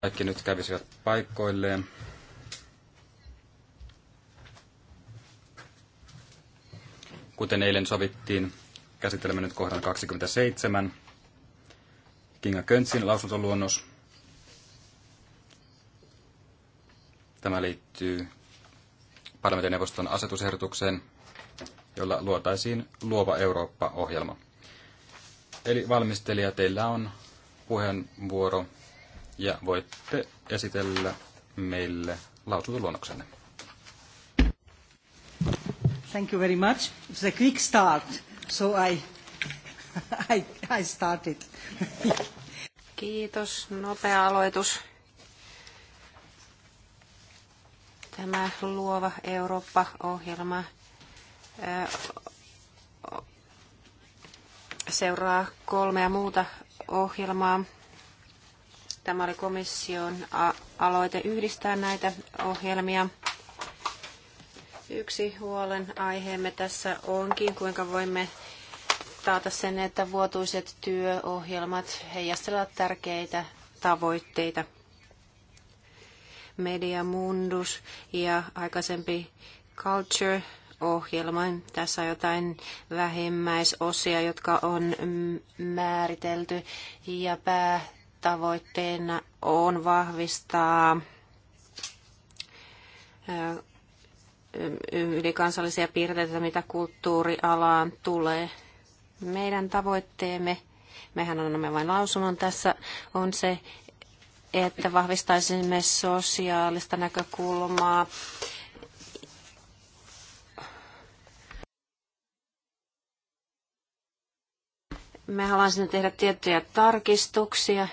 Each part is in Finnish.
kaikki nyt kävisivät paikoilleen. Kuten eilen sovittiin, käsittelemme nyt kohdan 27. Kinga Köntsin lausuntoluonnos. Tämä liittyy parlamentin neuvoston asetusehdotukseen, jolla luotaisiin Luova Eurooppa-ohjelma. Eli valmistelija, teillä on puheenvuoro ja voitte esitellä meille lausuntoluonnoksenne. Thank you very much. It's a quick start, so I, I, I started. Kiitos, nopea aloitus. Tämä Luova Eurooppa-ohjelma seuraa kolmea muuta ohjelmaa Tämä oli komission aloite yhdistää näitä ohjelmia. Yksi huolen aiheemme tässä onkin, kuinka voimme taata sen, että vuotuiset työohjelmat heijastelevat tärkeitä tavoitteita. Media Mundus ja aikaisempi Culture ohjelma. Tässä on jotain vähimmäisosia, jotka on määritelty ja pää tavoitteena on vahvistaa ylikansallisia piirteitä, mitä kulttuurialaan tulee. Meidän tavoitteemme, mehän annamme vain lausunnon tässä, on se, että vahvistaisimme sosiaalista näkökulmaa. Me haluaisimme tehdä tiettyjä tarkistuksia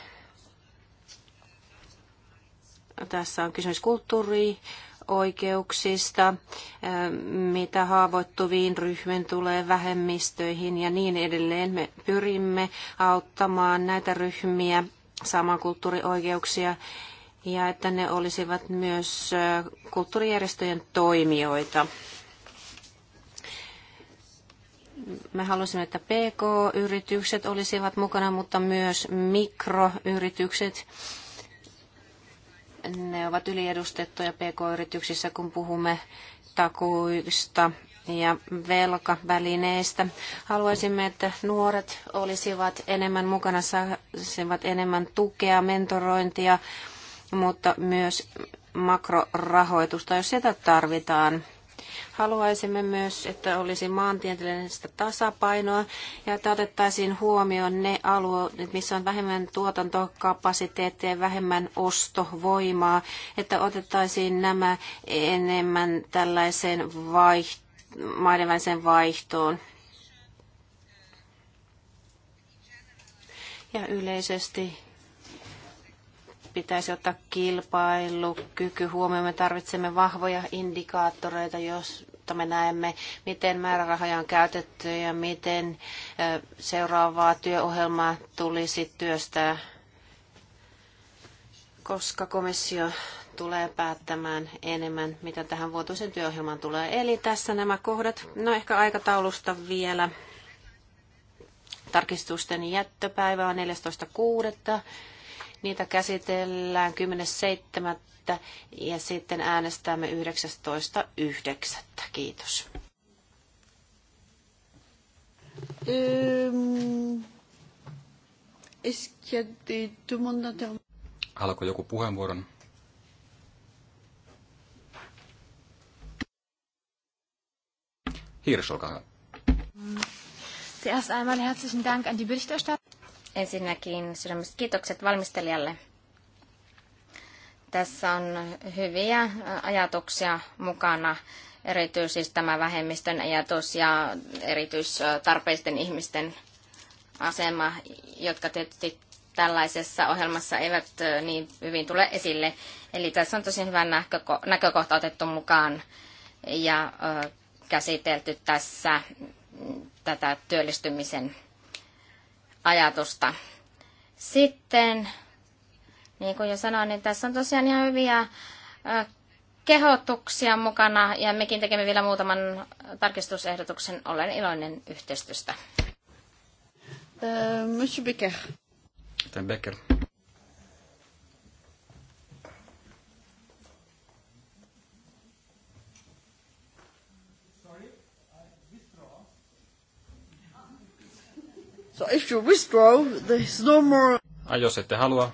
tässä on kysymys kulttuurioikeuksista, mitä haavoittuviin ryhmiin tulee, vähemmistöihin ja niin edelleen. Me pyrimme auttamaan näitä ryhmiä saamaan kulttuurioikeuksia ja että ne olisivat myös kulttuurijärjestöjen toimijoita. Me halusimme, että PK-yritykset olisivat mukana, mutta myös mikroyritykset ne ovat yliedustettuja pk-yrityksissä, kun puhumme takuista ja velkavälineistä. Haluaisimme, että nuoret olisivat enemmän mukana, saisivat enemmän tukea, mentorointia, mutta myös makrorahoitusta, jos sitä tarvitaan. Haluaisimme myös, että olisi maantieteellistä tasapainoa ja että otettaisiin huomioon ne alueet, missä on vähemmän tuotantokapasiteettia ja vähemmän ostovoimaa, että otettaisiin nämä enemmän tällaiseen vaiht- maiden vaihtoon. Ja yleisesti pitäisi ottaa kilpailukyky huomioon. Me tarvitsemme vahvoja indikaattoreita, jos me näemme, miten määrärahoja on käytetty ja miten seuraavaa työohjelmaa tulisi työstää, koska komissio tulee päättämään enemmän, mitä tähän vuotuisen työohjelmaan tulee. Eli tässä nämä kohdat. No ehkä aikataulusta vielä. Tarkistusten jättöpäivä on 14.6. Niitä käsitellään 10.7. ja sitten äänestämme 19.9. Kiitos. Haluatko joku puheenvuoron? Hirsch, olkaa hyvä. Zuerst einmal herzlichen Dank an die Berichterstatter. Ensinnäkin sydämestä kiitokset valmistelijalle. Tässä on hyviä ajatuksia mukana, erityisesti tämä vähemmistön ajatus ja erityistarpeisten ihmisten asema, jotka tietysti tällaisessa ohjelmassa eivät niin hyvin tule esille. Eli tässä on tosi hyvä näköko- näkökohta otettu mukaan ja ö, käsitelty tässä tätä työllistymisen ajatusta. Sitten, niin kuin jo sanoin, niin tässä on tosiaan ihan hyviä kehotuksia mukana ja mekin tekemme vielä muutaman tarkistusehdotuksen. Olen iloinen yhteistyöstä. Monsieur Becker. Becker. So if you withdraw, there's no more... Ai, jos ette halua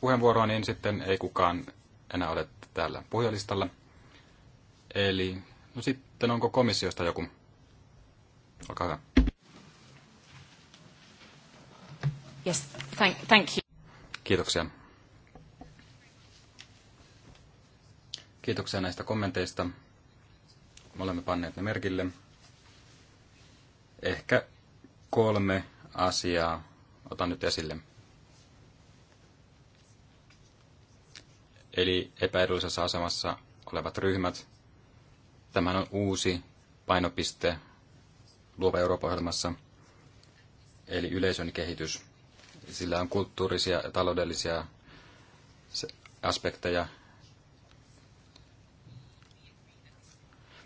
puheenvuoroa, niin sitten ei kukaan enää ole täällä puhujalistalla. Eli no sitten onko komissiosta joku? Olkaa hyvä. Yes, thank, thank you. Kiitoksia. Kiitoksia näistä kommenteista. Me olemme panneet ne merkille. Ehkä kolme asiaa otan nyt esille. Eli epäedullisessa asemassa olevat ryhmät. Tämä on uusi painopiste Luova Euroopan ohjelmassa eli yleisön kehitys. Sillä on kulttuurisia ja taloudellisia aspekteja.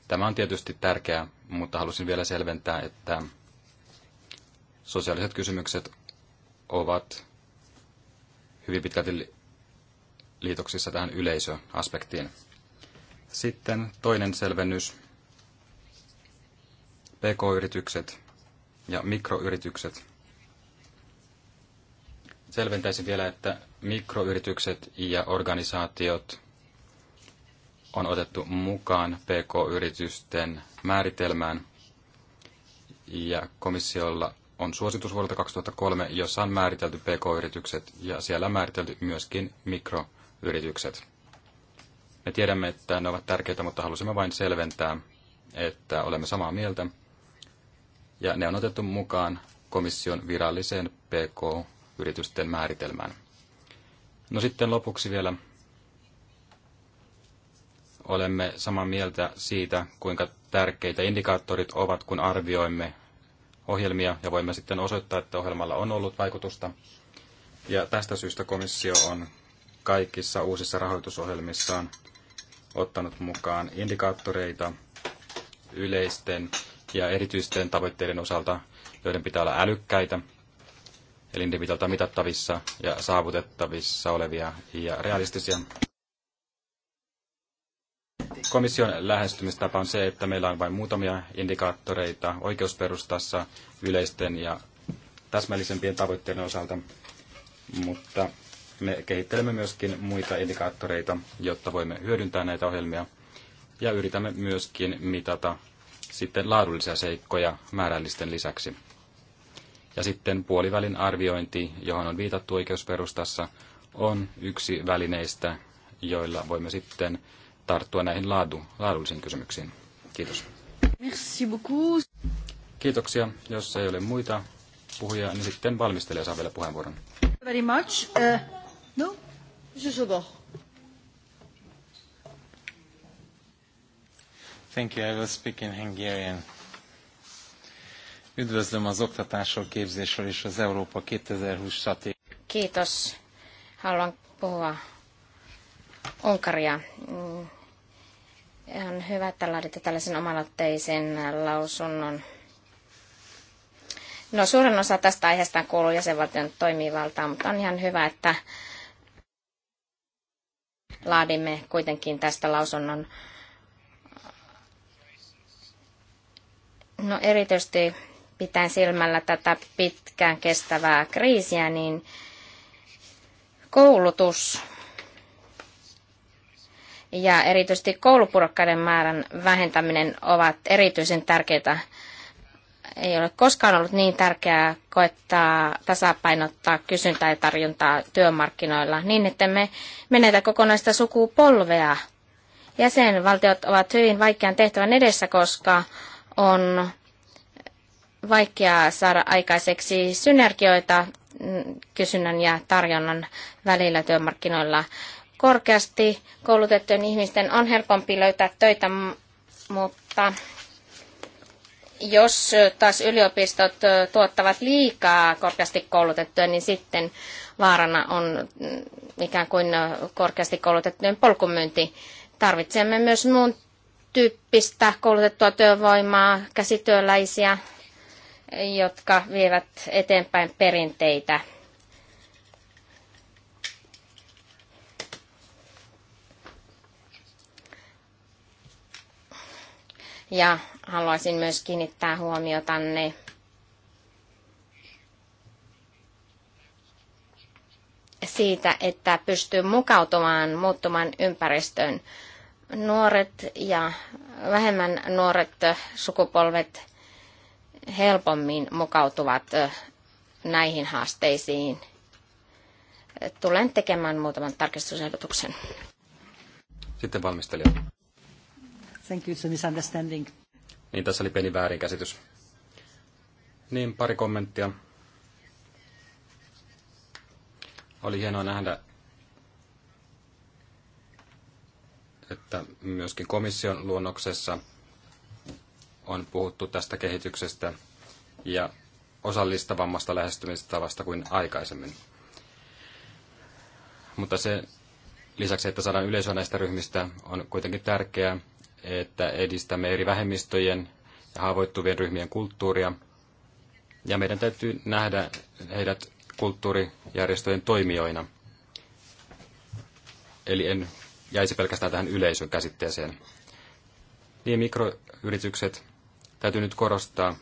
Tämä on tietysti tärkeää, mutta halusin vielä selventää, että Sosiaaliset kysymykset ovat hyvin pitkälti liitoksissa tähän yleisöaspektiin. Sitten toinen selvennys. PK-yritykset ja mikroyritykset. Selventäisin vielä, että mikroyritykset ja organisaatiot on otettu mukaan PK-yritysten määritelmään ja komissiolla on suositus vuodelta 2003, jossa on määritelty pk-yritykset ja siellä on määritelty myöskin mikroyritykset. Me tiedämme, että ne ovat tärkeitä, mutta halusimme vain selventää, että olemme samaa mieltä. Ja ne on otettu mukaan komission viralliseen pk-yritysten määritelmään. No sitten lopuksi vielä olemme samaa mieltä siitä, kuinka tärkeitä indikaattorit ovat, kun arvioimme ohjelmia ja voimme sitten osoittaa, että ohjelmalla on ollut vaikutusta. Ja tästä syystä komissio on kaikissa uusissa rahoitusohjelmissaan ottanut mukaan indikaattoreita yleisten ja erityisten tavoitteiden osalta, joiden pitää olla älykkäitä, eli niiden pitää olla mitattavissa ja saavutettavissa olevia ja realistisia. Komission lähestymistapa on se, että meillä on vain muutamia indikaattoreita oikeusperustassa yleisten ja täsmällisempien tavoitteiden osalta, mutta me kehittelemme myöskin muita indikaattoreita, jotta voimme hyödyntää näitä ohjelmia ja yritämme myöskin mitata sitten laadullisia seikkoja määrällisten lisäksi. Ja sitten puolivälin arviointi, johon on viitattu oikeusperustassa, on yksi välineistä, joilla voimme sitten tarttua näihin laadu, laadullisiin kysymyksiin. Kiitos. Merci beaucoup. Kiitoksia. Jos ei ole muita puhujia, niin sitten valmistelija saa vielä puheenvuoron. Very much. Uh, no, Monsieur Thank you. I will speak in Hungarian. Üdvözlöm az oktatásról, képzésről és az Európa 2020 stratégiáról. Kiitos. Haluan puhua Unkaria. Mm, on hyvä, että laaditte tällaisen omalotteisen lausunnon. No suurin osa tästä aiheesta kuuluu jäsenvaltion toimivaltaan, mutta on ihan hyvä, että laadimme kuitenkin tästä lausunnon. No erityisesti pitäen silmällä tätä pitkään kestävää kriisiä, niin koulutus ja erityisesti koulupurokkaiden määrän vähentäminen ovat erityisen tärkeitä. Ei ole koskaan ollut niin tärkeää koettaa tasapainottaa kysyntää ja tarjontaa työmarkkinoilla niin, että me menetä kokonaista sukupolvea. Jäsenvaltiot ovat hyvin vaikean tehtävän edessä, koska on vaikeaa saada aikaiseksi synergioita kysynnän ja tarjonnan välillä työmarkkinoilla korkeasti koulutettujen ihmisten on helpompi löytää töitä, mutta jos taas yliopistot tuottavat liikaa korkeasti koulutettuja, niin sitten vaarana on mm, ikään kuin korkeasti koulutettujen polkumyynti. Tarvitsemme myös muun tyyppistä koulutettua työvoimaa, käsityöläisiä, jotka vievät eteenpäin perinteitä ja haluaisin myös kiinnittää huomiotanne siitä, että pystyy mukautumaan, muuttumaan ympäristöön. Nuoret ja vähemmän nuoret sukupolvet helpommin mukautuvat näihin haasteisiin. Tulen tekemään muutaman tarkistusehdotuksen. Sitten valmistelija. Thank you, it's a misunderstanding. Niin, tässä oli pieni väärinkäsitys. Niin, pari kommenttia. Oli hienoa nähdä, että myöskin komission luonnoksessa on puhuttu tästä kehityksestä ja osallistavammasta lähestymistavasta kuin aikaisemmin. Mutta se lisäksi, että saadaan yleisöä näistä ryhmistä, on kuitenkin tärkeää, että edistämme eri vähemmistöjen ja haavoittuvien ryhmien kulttuuria. Ja meidän täytyy nähdä heidät kulttuurijärjestöjen toimijoina. Eli en jäisi pelkästään tähän yleisön käsitteeseen. Niin mikroyritykset täytyy nyt korostaa,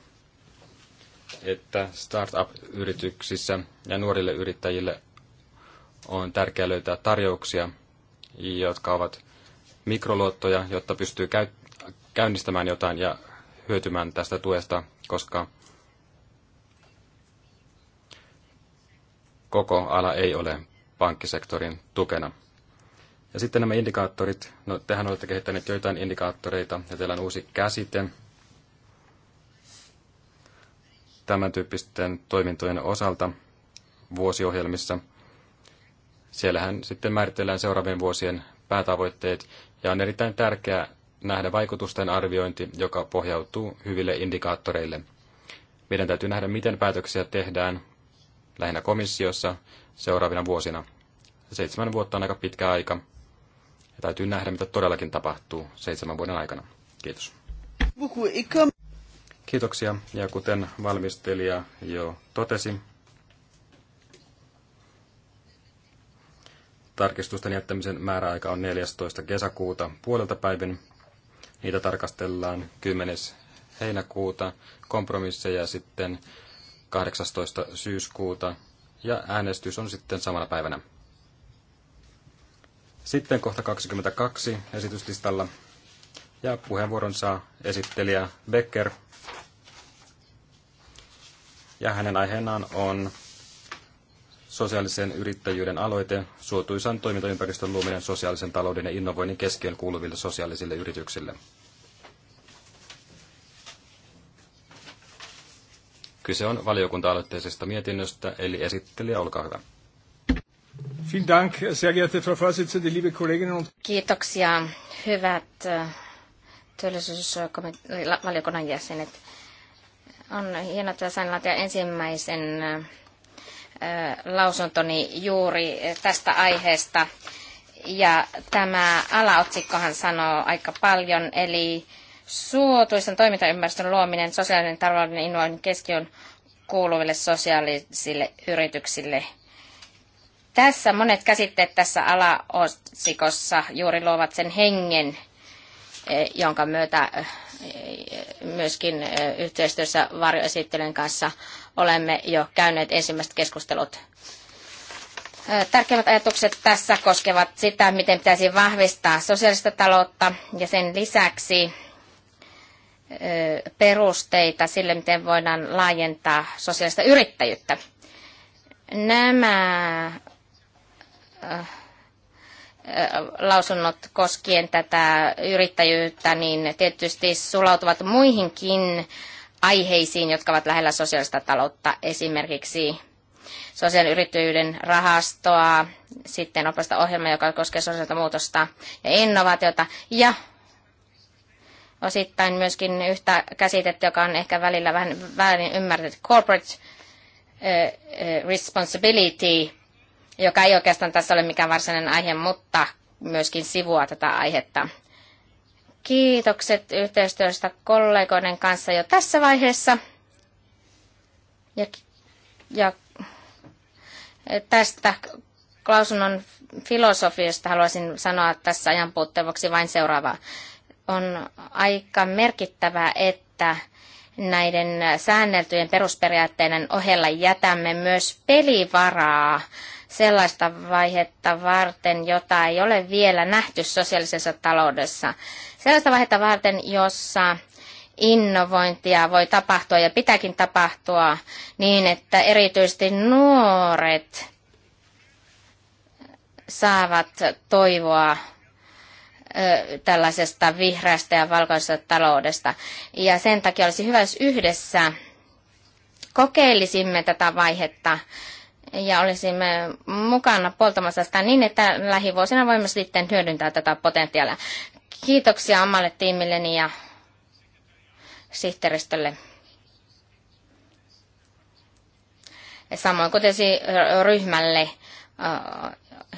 että startup-yrityksissä ja nuorille yrittäjille on tärkeää löytää tarjouksia, jotka ovat mikroluottoja, jotta pystyy käy, käynnistämään jotain ja hyötymään tästä tuesta, koska koko ala ei ole pankkisektorin tukena. Ja sitten nämä indikaattorit, no tehän olette kehittäneet joitain indikaattoreita ja teillä on uusi käsite tämän tyyppisten toimintojen osalta vuosiohjelmissa. Siellähän sitten määritellään seuraavien vuosien päätavoitteet ja on erittäin tärkeää nähdä vaikutusten arviointi, joka pohjautuu hyville indikaattoreille. Meidän täytyy nähdä, miten päätöksiä tehdään lähinnä komissiossa seuraavina vuosina. Seitsemän vuotta on aika pitkä aika. Ja täytyy nähdä, mitä todellakin tapahtuu seitsemän vuoden aikana. Kiitos. Kiitoksia. Ja kuten valmistelija jo totesi, Tarkistusten jättämisen määräaika on 14. kesäkuuta puolelta päivin. Niitä tarkastellaan 10. heinäkuuta, kompromisseja sitten 18. syyskuuta ja äänestys on sitten samana päivänä. Sitten kohta 22 esityslistalla ja puheenvuoron saa esittelijä Becker. Ja hänen aiheenaan on sosiaalisen yrittäjyyden aloite, suotuisan toimintaympäristön luominen sosiaalisen talouden ja innovoinnin keskiön kuuluville sosiaalisille yrityksille. Kyse on valiokunta-aloitteisesta mietinnöstä, eli esittelijä, olkaa hyvä. Kiitoksia, hyvät äh, työllisyysvaliokunnan jäsenet. On hienoa, että sain ensimmäisen äh, lausuntoni juuri tästä aiheesta. Ja tämä alaotsikkohan sanoo aika paljon, eli suotuisen toimintaympäristön luominen sosiaalinen taloudellinen innovoinnin keskiön kuuluville sosiaalisille yrityksille. Tässä monet käsitteet tässä alaotsikossa juuri luovat sen hengen, e, jonka myötä e, e, myöskin yhteistyössä varjoesittelyn kanssa olemme jo käyneet ensimmäiset keskustelut. Tärkeimmät ajatukset tässä koskevat sitä, miten pitäisi vahvistaa sosiaalista taloutta ja sen lisäksi perusteita sille, miten voidaan laajentaa sosiaalista yrittäjyyttä. Nämä lausunnot koskien tätä yrittäjyyttä, niin tietysti sulautuvat muihinkin aiheisiin, jotka ovat lähellä sosiaalista taloutta, esimerkiksi sosiaalisen yrittäjyyden rahastoa, sitten opasta ohjelma, joka koskee sosiaalista muutosta ja innovaatiota, ja osittain myöskin yhtä käsitettä, joka on ehkä välillä vähän väärin ymmärretty, corporate responsibility, joka ei oikeastaan tässä ole mikään varsinainen aihe, mutta myöskin sivua tätä aihetta. Kiitokset yhteistyöstä kollegoiden kanssa jo tässä vaiheessa. Ja, ja eh, tästä lausunnon filosofiasta haluaisin sanoa tässä ajan puutteeksi vain seuraavaa. On aika merkittävää, että näiden säänneltyjen perusperiaatteiden ohella jätämme myös pelivaraa sellaista vaihetta varten, jota ei ole vielä nähty sosiaalisessa taloudessa sellaista vaihetta varten, jossa innovointia voi tapahtua ja pitääkin tapahtua niin, että erityisesti nuoret saavat toivoa tällaisesta vihreästä ja valkoisesta taloudesta. Ja sen takia olisi hyvä, jos yhdessä kokeilisimme tätä vaihetta ja olisimme mukana poltamassa sitä niin, että lähivuosina voimme sitten hyödyntää tätä potentiaalia. Kiitoksia omalle tiimilleni ja sihteeristölle. Samoin kuten ryhmälle,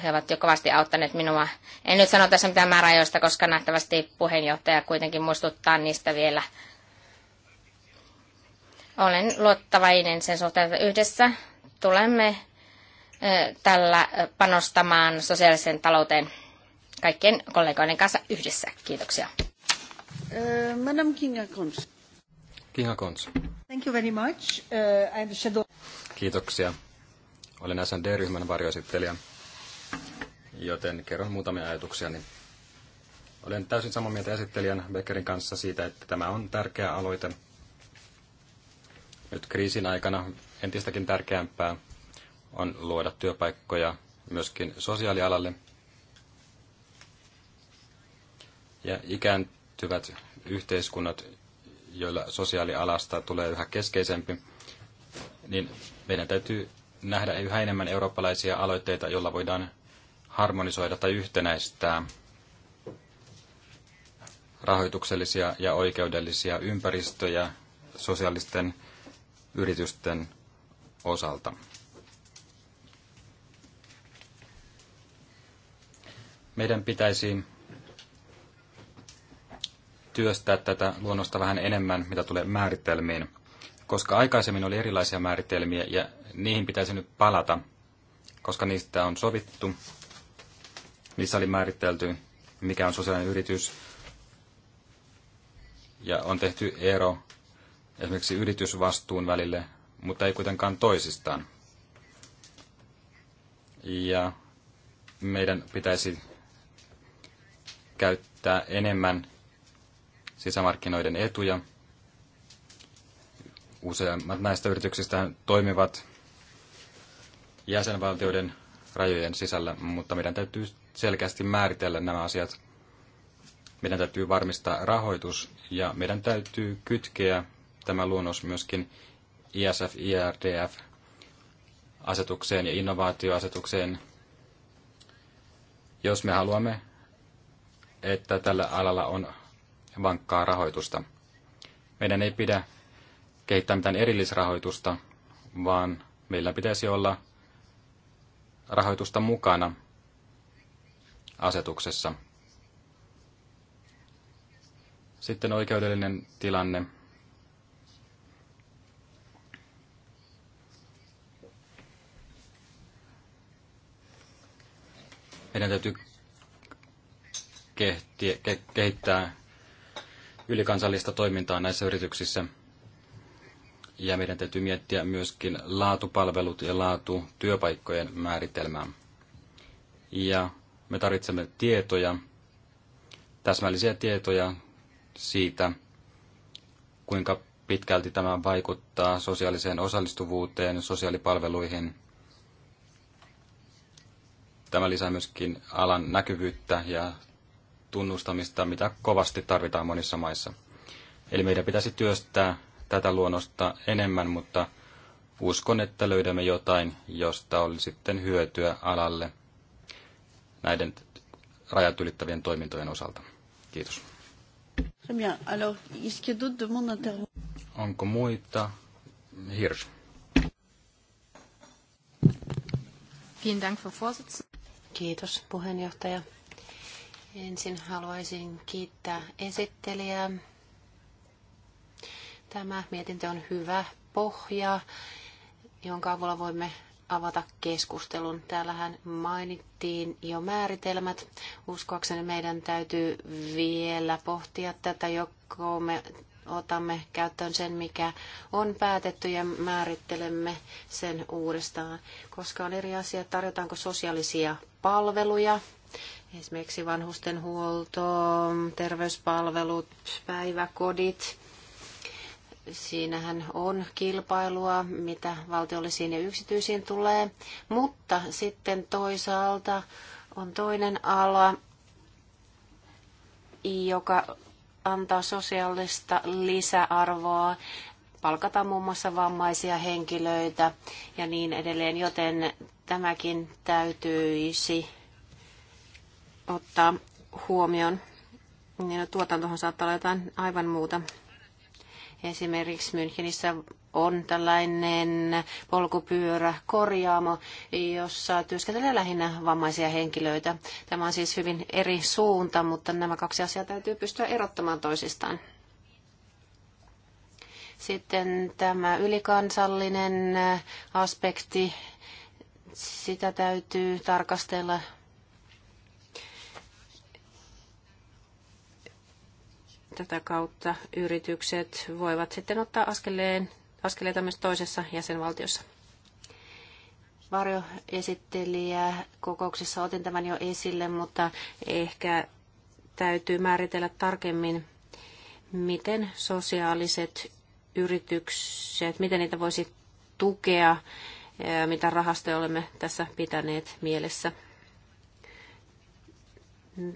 he ovat jo kovasti auttaneet minua. En nyt sano tässä mitään määräajoista, koska nähtävästi puheenjohtaja kuitenkin muistuttaa niistä vielä. Olen luottavainen sen suhteen, että yhdessä tulemme tällä panostamaan sosiaaliseen talouteen kaikkien kollegoiden kanssa yhdessä. Kiitoksia. Madame Kinga Kons. Kinga Kons. Thank you very much. Uh, I'm shadow. Kiitoksia. Olen SND-ryhmän varjoesittelijä, joten kerron muutamia ajatuksia. Olen täysin samaa mieltä esittelijän Beckerin kanssa siitä, että tämä on tärkeä aloite – nyt kriisin aikana entistäkin tärkeämpää on luoda työpaikkoja myöskin sosiaalialalle. Ja ikääntyvät yhteiskunnat, joilla sosiaalialasta tulee yhä keskeisempi, niin meidän täytyy nähdä yhä enemmän eurooppalaisia aloitteita, joilla voidaan harmonisoida tai yhtenäistää rahoituksellisia ja oikeudellisia ympäristöjä sosiaalisten yritysten osalta. Meidän pitäisi työstää tätä luonnosta vähän enemmän, mitä tulee määritelmiin, koska aikaisemmin oli erilaisia määritelmiä ja niihin pitäisi nyt palata, koska niistä on sovittu. Niissä oli määritelty, mikä on sosiaalinen yritys, ja on tehty ero esimerkiksi yritysvastuun välille, mutta ei kuitenkaan toisistaan. Ja meidän pitäisi käyttää enemmän sisämarkkinoiden etuja. Useimmat näistä yrityksistä toimivat jäsenvaltioiden rajojen sisällä, mutta meidän täytyy selkeästi määritellä nämä asiat. Meidän täytyy varmistaa rahoitus ja meidän täytyy kytkeä tämä luonnos myöskin ISF, IRDF asetukseen ja innovaatioasetukseen. Jos me haluamme, että tällä alalla on vankkaa rahoitusta. Meidän ei pidä kehittää mitään erillisrahoitusta, vaan meillä pitäisi olla rahoitusta mukana asetuksessa. Sitten oikeudellinen tilanne. Meidän täytyy kehtiä, ke, kehittää ylikansallista toimintaa näissä yrityksissä. Ja meidän täytyy miettiä myöskin laatupalvelut ja laatu työpaikkojen määritelmää. Ja me tarvitsemme tietoja, täsmällisiä tietoja siitä, kuinka pitkälti tämä vaikuttaa sosiaaliseen osallistuvuuteen, sosiaalipalveluihin – Tämä lisää myöskin alan näkyvyyttä ja tunnustamista, mitä kovasti tarvitaan monissa maissa. Eli meidän pitäisi työstää tätä luonnosta enemmän, mutta uskon, että löydämme jotain, josta olisi sitten hyötyä alalle näiden rajat ylittävien toimintojen osalta. Kiitos. Onko muita? Hirsch. Vielen Dank, Frau Vorsitzende. Kiitos puheenjohtaja. Ensin haluaisin kiittää esittelijää. Tämä mietintö on hyvä pohja, jonka avulla voimme avata keskustelun. Täällähän mainittiin jo määritelmät. Uskoakseni meidän täytyy vielä pohtia tätä, joko me otamme käyttöön sen, mikä on päätetty ja määrittelemme sen uudestaan, koska on eri asia, tarjotaanko sosiaalisia palveluja, esimerkiksi vanhustenhuolto, terveyspalvelut, päiväkodit. Siinähän on kilpailua, mitä valtiollisiin ja yksityisiin tulee, mutta sitten toisaalta on toinen ala, joka antaa sosiaalista lisäarvoa, palkataan muun muassa vammaisia henkilöitä ja niin edelleen, joten tämäkin täytyisi ottaa huomioon. Niin no, tuotantohan saattaa olla jotain aivan muuta. Esimerkiksi Münchenissä on tällainen polkupyörä korjaamo, jossa työskentelee lähinnä vammaisia henkilöitä. Tämä on siis hyvin eri suunta, mutta nämä kaksi asiaa täytyy pystyä erottamaan toisistaan. Sitten tämä ylikansallinen aspekti sitä täytyy tarkastella tätä kautta yritykset voivat sitten ottaa askeleen, askeleita myös toisessa jäsenvaltiossa. Varjoesittelijä kokouksessa otin tämän jo esille, mutta ehkä täytyy määritellä tarkemmin, miten sosiaaliset yritykset, miten niitä voisi tukea mitä rahastoja olemme tässä pitäneet mielessä.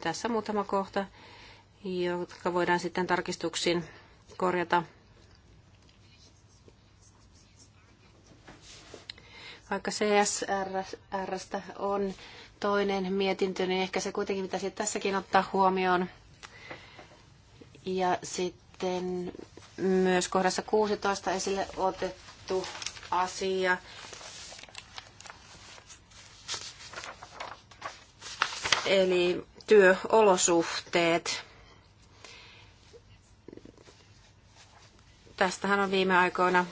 Tässä muutama kohta, jotka voidaan sitten tarkistuksiin korjata. Vaikka CSRstä on toinen mietintö, niin ehkä se kuitenkin pitäisi tässäkin ottaa huomioon. Ja sitten myös kohdassa 16 esille otettu asia eli työolosuhteet. Tästähän on viime aikoina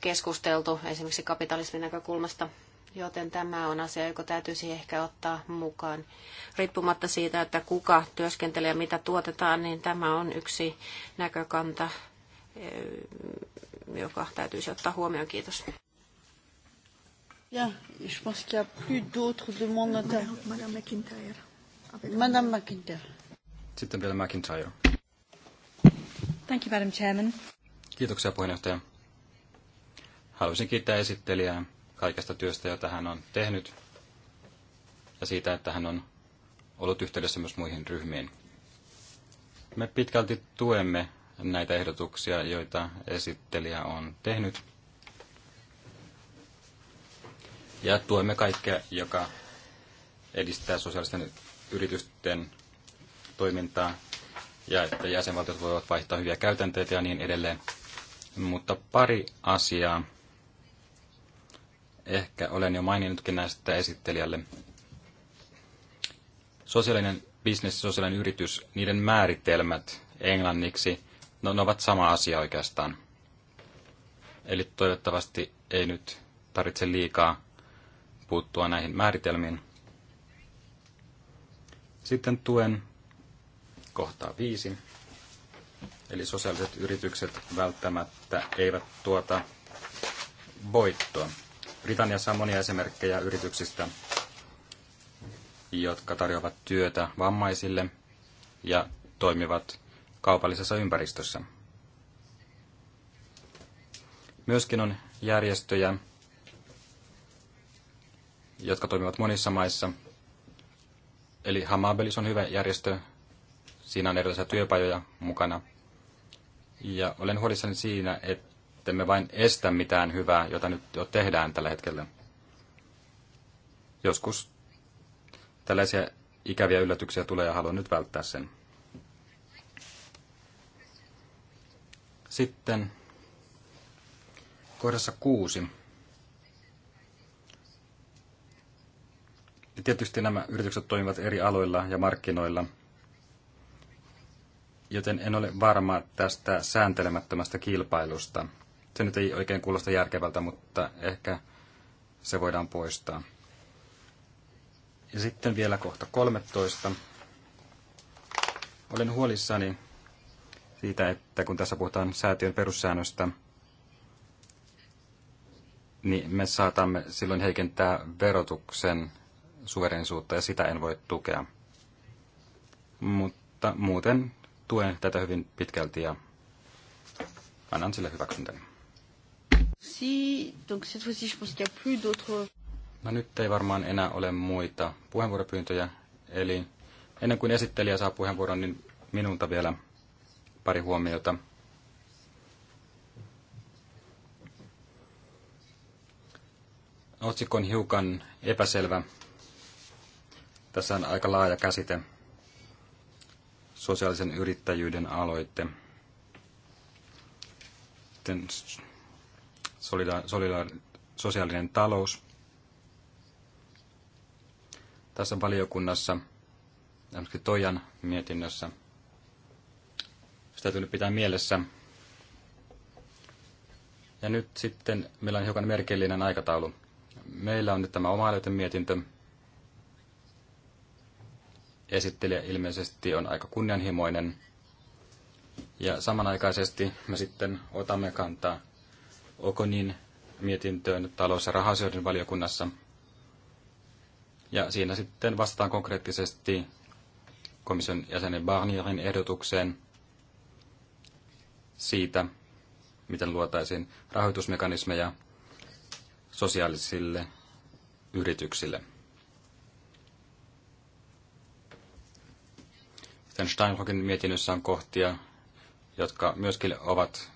keskusteltu esimerkiksi kapitalismin näkökulmasta, joten tämä on asia, joka täytyisi ehkä ottaa mukaan. Riippumatta siitä, että kuka työskentelee ja mitä tuotetaan, niin tämä on yksi näkökanta, joka täytyisi ottaa huomioon. Kiitos. Bien, je pense qu'il n'y a plus d'autres demandes Madame McIntyre. Madame McIntyre. Sitten vielä McIntyre. Thank you, Madam Chairman. Kiitoksia puheenjohtaja. Haluaisin kiittää esittelijää kaikesta työstä, jota hän on tehnyt ja siitä, että hän on ollut yhteydessä myös muihin ryhmiin. Me pitkälti tuemme näitä ehdotuksia, joita esittelijä on tehnyt. ja tuemme kaikkea, joka edistää sosiaalisten yritysten toimintaa ja että jäsenvaltiot voivat vaihtaa hyviä käytänteitä ja niin edelleen. Mutta pari asiaa. Ehkä olen jo maininnutkin näistä esittelijälle. Sosiaalinen bisnes ja sosiaalinen yritys, niiden määritelmät englanniksi, no ne ovat sama asia oikeastaan. Eli toivottavasti ei nyt tarvitse liikaa puuttua näihin määritelmiin. Sitten tuen kohtaa viisi. Eli sosiaaliset yritykset välttämättä eivät tuota voittoa. Britanniassa on monia esimerkkejä yrityksistä, jotka tarjoavat työtä vammaisille ja toimivat kaupallisessa ympäristössä. Myöskin on järjestöjä, jotka toimivat monissa maissa. Eli Hamabelis on hyvä järjestö. Siinä on erilaisia työpajoja mukana. Ja olen huolissani siinä, että me vain estä mitään hyvää, jota nyt jo tehdään tällä hetkellä. Joskus tällaisia ikäviä yllätyksiä tulee ja haluan nyt välttää sen. Sitten kohdassa kuusi. Ja tietysti nämä yritykset toimivat eri aloilla ja markkinoilla, joten en ole varma tästä sääntelemättömästä kilpailusta. Se nyt ei oikein kuulosta järkevältä, mutta ehkä se voidaan poistaa. Ja sitten vielä kohta 13. Olen huolissani siitä, että kun tässä puhutaan säätiön perussäännöstä, niin me saatamme silloin heikentää verotuksen suverenisuutta ja sitä en voi tukea. Mutta muuten tuen tätä hyvin pitkälti ja annan sille hyväksyntäni. Si, donc cette fois-ci, je pense qu'il a plus d'autres... No nyt ei varmaan enää ole muita puheenvuoropyyntöjä, eli ennen kuin esittelijä saa puheenvuoron, niin minulta vielä pari huomiota. Otsikko on hiukan epäselvä, tässä on aika laaja käsite, sosiaalisen yrittäjyyden aloitte. Sitten solida- solida- sosiaalinen talous. Tässä valiokunnassa, esimerkiksi Tojan mietinnössä, sitä tuli pitää mielessä. Ja nyt sitten meillä on hiukan merkillinen aikataulu. Meillä on nyt tämä oma mietintö, esittelijä ilmeisesti on aika kunnianhimoinen. Ja samanaikaisesti me sitten otamme kantaa Okonin mietintöön talous- ja rahasioiden valiokunnassa. Ja siinä sitten vastaan konkreettisesti komission jäsenen Barnierin ehdotukseen siitä, miten luotaisiin rahoitusmekanismeja sosiaalisille yrityksille. Sitten Steinrockin mietinnössä on kohtia, jotka myöskin ovat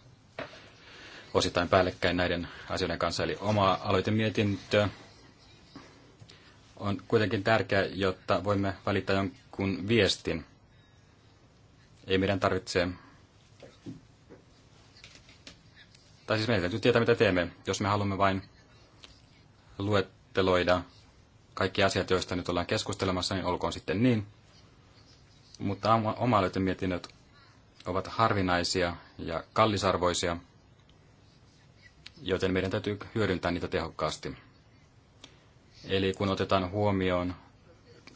osittain päällekkäin näiden asioiden kanssa. Eli oma aloitemietintö on kuitenkin tärkeä, jotta voimme välittää jonkun viestin. Ei meidän tarvitse tai siis meidän täytyy tietää, mitä teemme. Jos me haluamme vain luetteloida kaikki asiat, joista nyt ollaan keskustelemassa, niin olkoon sitten niin. Mutta oma mietinnöt ovat harvinaisia ja kallisarvoisia, joten meidän täytyy hyödyntää niitä tehokkaasti. Eli kun otetaan huomioon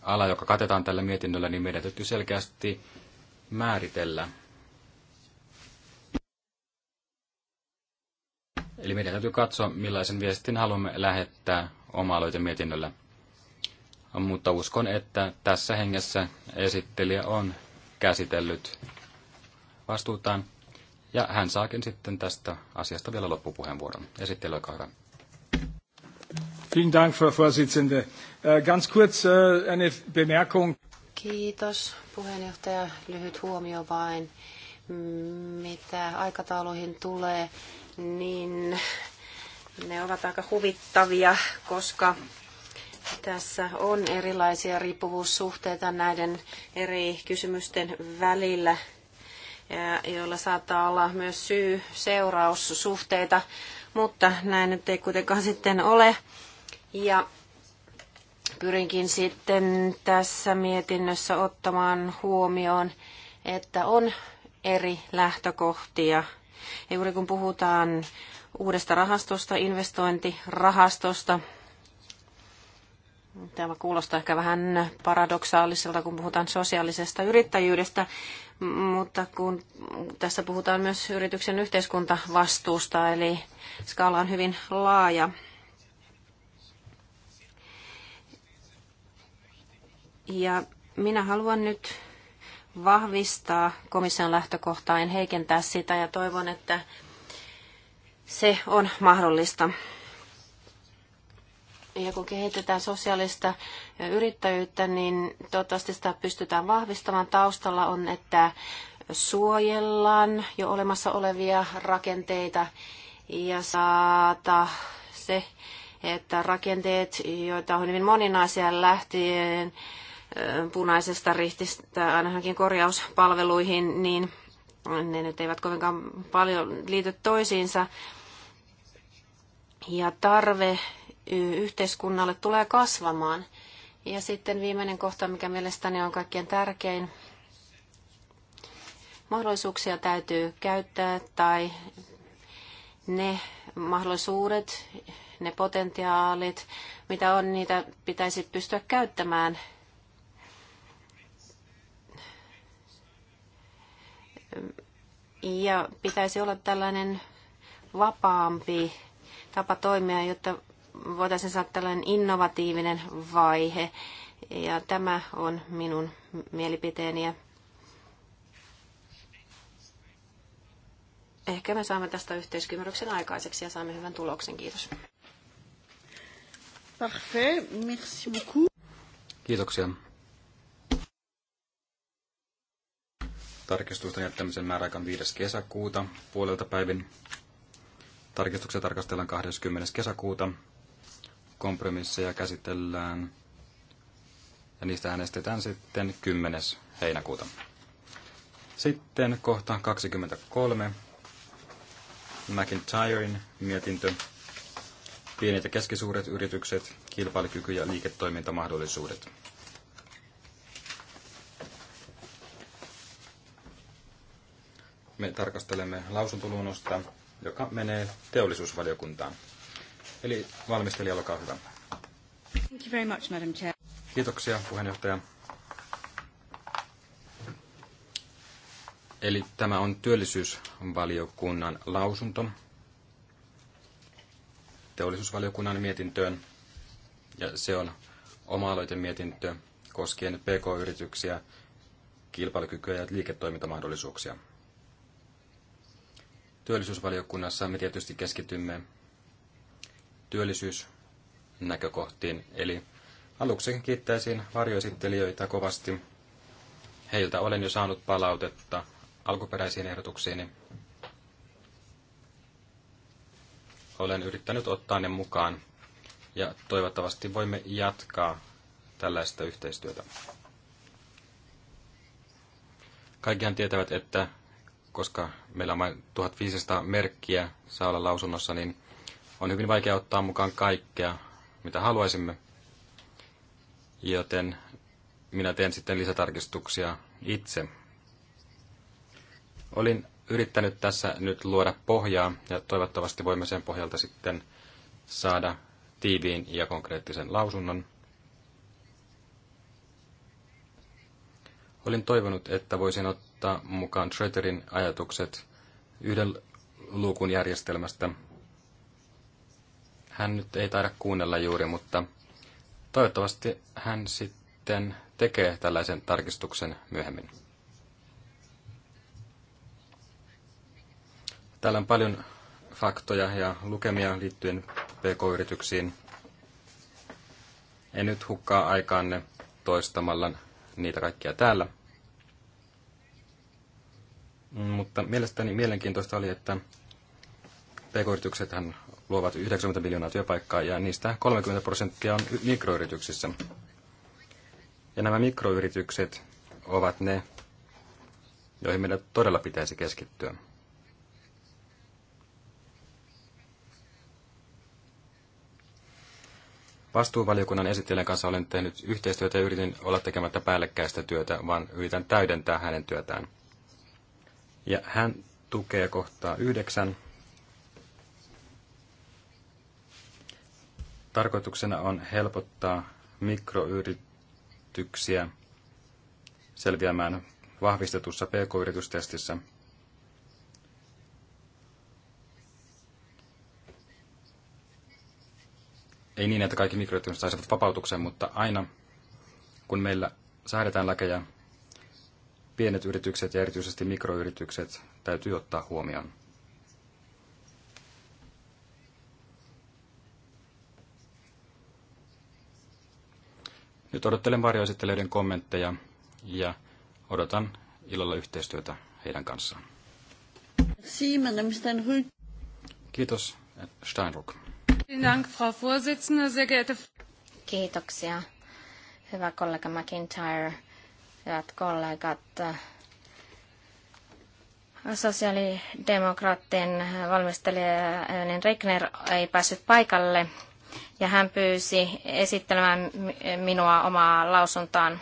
ala, joka katetaan tällä mietinnöllä, niin meidän täytyy selkeästi määritellä. Eli meidän täytyy katsoa, millaisen viestin haluamme lähettää oma mietinnöllä mutta uskon, että tässä hengessä esittelijä on käsitellyt vastuutaan. Ja hän saakin sitten tästä asiasta vielä loppupuheenvuoron. Esittely, olkaa hyvä. Vielen Dank, Frau Vorsitzende. Äh, ganz kurz äh, eine Bemerkung. Kiitos, puheenjohtaja. Lyhyt huomio vain. Mitä aikatauluihin tulee, niin ne ovat aika huvittavia, koska tässä on erilaisia riippuvuussuhteita näiden eri kysymysten välillä, joilla saattaa olla myös syy-seuraussuhteita, mutta näin nyt ei kuitenkaan sitten ole. Ja pyrinkin sitten tässä mietinnössä ottamaan huomioon, että on eri lähtökohtia. Ja juuri kun puhutaan uudesta rahastosta, investointirahastosta, Tämä kuulostaa ehkä vähän paradoksaaliselta, kun puhutaan sosiaalisesta yrittäjyydestä, mutta kun tässä puhutaan myös yrityksen yhteiskuntavastuusta, eli skaala on hyvin laaja. Ja minä haluan nyt vahvistaa komission lähtökohtaa, en heikentää sitä ja toivon, että se on mahdollista. Ja kun kehitetään sosiaalista yrittäjyyttä, niin toivottavasti sitä pystytään vahvistamaan. Taustalla on, että suojellaan jo olemassa olevia rakenteita ja saata se, että rakenteet, joita on hyvin moninaisia lähtien punaisesta rihtistä ainakin korjauspalveluihin, niin ne nyt eivät kovinkaan paljon liity toisiinsa. Ja tarve yhteiskunnalle tulee kasvamaan. Ja sitten viimeinen kohta, mikä mielestäni on kaikkein tärkein. Mahdollisuuksia täytyy käyttää tai ne mahdollisuudet, ne potentiaalit, mitä on, niitä pitäisi pystyä käyttämään. Ja pitäisi olla tällainen vapaampi tapa toimia, jotta voitaisiin sanoa tällainen innovatiivinen vaihe. Ja tämä on minun mielipiteeni. Ja ehkä me saamme tästä yhteiskymmerryksen aikaiseksi ja saamme hyvän tuloksen. Kiitos. Parfait, merci beaucoup. Kiitoksia. Tarkistusten jättämisen määräaika 5. kesäkuuta puolelta päivin. Tarkistuksia tarkastellaan 20. kesäkuuta kompromisseja käsitellään ja niistä äänestetään sitten 10. heinäkuuta. Sitten kohta 23. McIntyren mietintö. Pienet ja keskisuuret yritykset, kilpailukyky ja liiketoimintamahdollisuudet. Me tarkastelemme lausuntoluonnosta, joka menee teollisuusvaliokuntaan. Eli valmistelija, olkaa hyvä. Thank you very much, Madam Chair. Kiitoksia, puheenjohtaja. Eli tämä on työllisyysvaliokunnan lausunto teollisuusvaliokunnan mietintöön, ja se on oma mietintö koskien PK-yrityksiä, kilpailukykyä ja liiketoimintamahdollisuuksia. Työllisyysvaliokunnassa me tietysti keskitymme työllisyysnäkökohtiin. Eli aluksi kiittäisin varjoesittelijöitä kovasti. Heiltä olen jo saanut palautetta alkuperäisiin ehdotuksiini. Olen yrittänyt ottaa ne mukaan ja toivottavasti voimme jatkaa tällaista yhteistyötä. Kaikkihan tietävät, että koska meillä on vain 1500 merkkiä saa olla lausunnossa, niin on hyvin vaikea ottaa mukaan kaikkea, mitä haluaisimme, joten minä teen sitten lisätarkistuksia itse. Olin yrittänyt tässä nyt luoda pohjaa ja toivottavasti voimme sen pohjalta sitten saada tiiviin ja konkreettisen lausunnon. Olin toivonut, että voisin ottaa mukaan Treterin ajatukset yhden luukun järjestelmästä, hän nyt ei taida kuunnella juuri, mutta toivottavasti hän sitten tekee tällaisen tarkistuksen myöhemmin. Täällä on paljon faktoja ja lukemia liittyen pk-yrityksiin. En nyt hukkaa aikaanne toistamalla niitä kaikkia täällä. Mm, mutta mielestäni mielenkiintoista oli, että pk luovat 90 miljoonaa työpaikkaa ja niistä 30 prosenttia on mikroyrityksissä. Ja nämä mikroyritykset ovat ne, joihin meidän todella pitäisi keskittyä. Vastuuvaliokunnan esittelijän kanssa olen tehnyt yhteistyötä ja yritin olla tekemättä päällekkäistä työtä, vaan yritän täydentää hänen työtään. Ja hän tukee kohtaa yhdeksän Tarkoituksena on helpottaa mikroyrityksiä selviämään vahvistetussa pk-yritystestissä. Ei niin, että kaikki mikroyritykset saisivat vapautuksen, mutta aina kun meillä säädetään lakeja, pienet yritykset ja erityisesti mikroyritykset täytyy ottaa huomioon. Nyt odottelen varjoesittelijöiden kommentteja ja odotan ilolla yhteistyötä heidän kanssaan. Kiitos, Steinruck. Kiitoksia, hyvä kollega McIntyre, hyvät kollegat. Sosiaalidemokraattien valmistelija Reikner ei päässyt paikalle ja hän pyysi esittelemään minua omaa lausuntaan.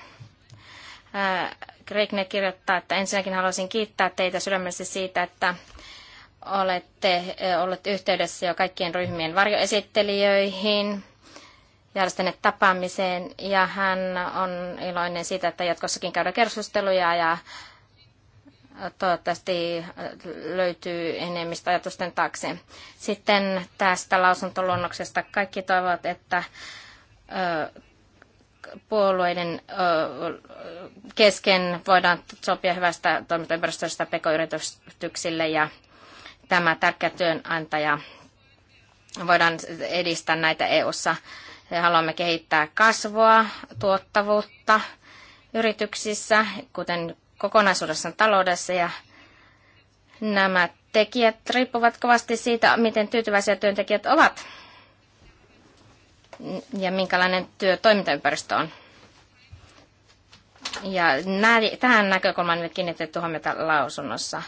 Gregne kirjoittaa, että ensinnäkin haluaisin kiittää teitä sydämellisesti siitä, että olette olleet yhteydessä jo kaikkien ryhmien varjoesittelijöihin, järjestäneet tapaamiseen ja hän on iloinen siitä, että jatkossakin käydään keskusteluja ja toivottavasti äh, löytyy enemmistö ajatusten taakse. Sitten tästä lausuntoluonnoksesta kaikki toivovat, että äh, puolueiden äh, kesken voidaan sopia hyvästä toimintaympäristöstä pekoyrityksille ja tämä tärkeä työnantaja voidaan edistää näitä EU-ssa. Haluamme kehittää kasvua, tuottavuutta yrityksissä, kuten kokonaisuudessaan taloudessa ja nämä tekijät riippuvat kovasti siitä, miten tyytyväisiä työntekijät ovat ja minkälainen työ toimintaympäristö on. Ja tähän näkökulmaan on kiinnitetty huomiota lausunnossa.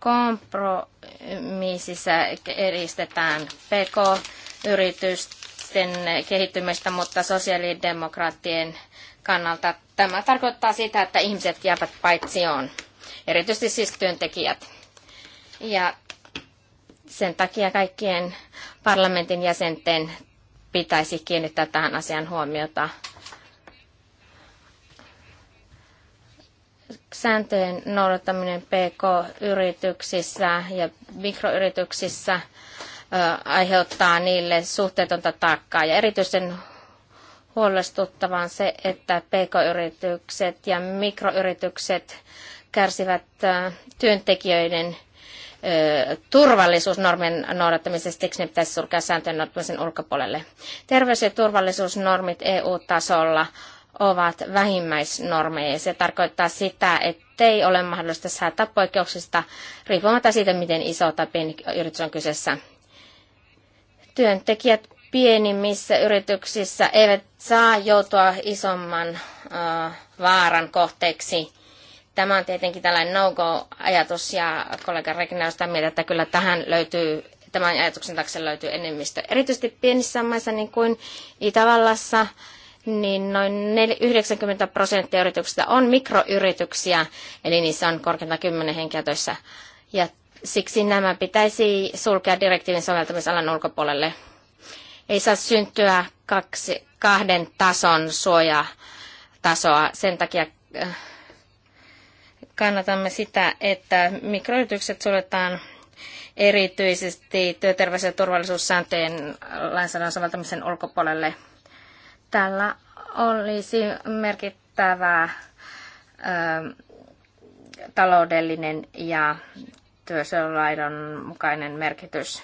Kompromississa edistetään PK-yritysten kehittymistä, mutta sosiaalidemokraattien kannalta. Tämä tarkoittaa sitä, että ihmiset jäävät paitsioon, erityisesti siis työntekijät. Ja sen takia kaikkien parlamentin jäsenten pitäisi kiinnittää tähän asian huomiota. Sääntöjen noudattaminen PK-yrityksissä ja mikroyrityksissä aiheuttaa niille suhteetonta taakkaa. Ja erityisen huolestuttavaan se, että pk-yritykset ja mikroyritykset kärsivät työntekijöiden turvallisuusnormien noudattamisesta, siksi ne pitäisi sulkea sääntöjen noudattamisen ulkopuolelle. Terveys- ja turvallisuusnormit EU-tasolla ovat vähimmäisnormeja. Se tarkoittaa sitä, ettei ole mahdollista säätää poikkeuksista riippumatta siitä, miten iso tai pieni yritys on kyseessä. Työntekijät pienimmissä yrityksissä eivät saa joutua isomman vaaran kohteeksi. Tämä on tietenkin tällainen no-go-ajatus ja kollega Regina on sitä mieltä, että kyllä tähän löytyy, tämän ajatuksen taakse löytyy enemmistö. Erityisesti pienissä maissa niin kuin Itävallassa, niin noin 90 prosenttia yrityksistä on mikroyrityksiä, eli niissä on korkeinta 10 henkeä töissä. Ja siksi nämä pitäisi sulkea direktiivin soveltamisalan ulkopuolelle. Ei saa syntyä kaksi, kahden tason suojatasoa. Sen takia äh, kannatamme sitä, että mikroyritykset suljetaan erityisesti työterveys- ja turvallisuussääntöjen lainsäädännön soveltamisen ulkopuolelle. Tällä olisi merkittävä ö, ähm, taloudellinen ja työsuojelulaidon mukainen merkitys.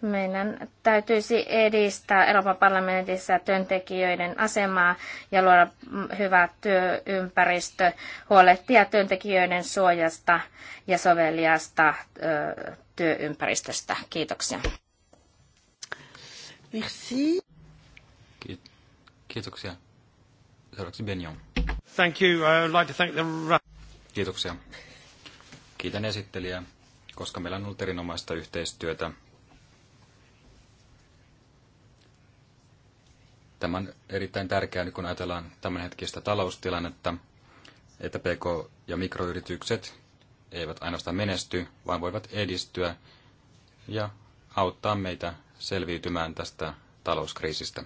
Meidän täytyisi edistää Euroopan parlamentissa työntekijöiden asemaa ja luoda hyvä työympäristö, huolehtia työntekijöiden suojasta ja soveliasta työympäristöstä. Kiitoksia. Merci. Kiitoksia. Seuraavaksi Benjon. Thank you. I would like to thank the... Kiitoksia. Kiitän esittelijää, koska meillä on ollut erinomaista yhteistyötä Tämä on erittäin tärkeää, niin kun ajatellaan tämänhetkistä taloustilannetta, että pk- ja mikroyritykset eivät ainoastaan menesty, vaan voivat edistyä ja auttaa meitä selviytymään tästä talouskriisistä.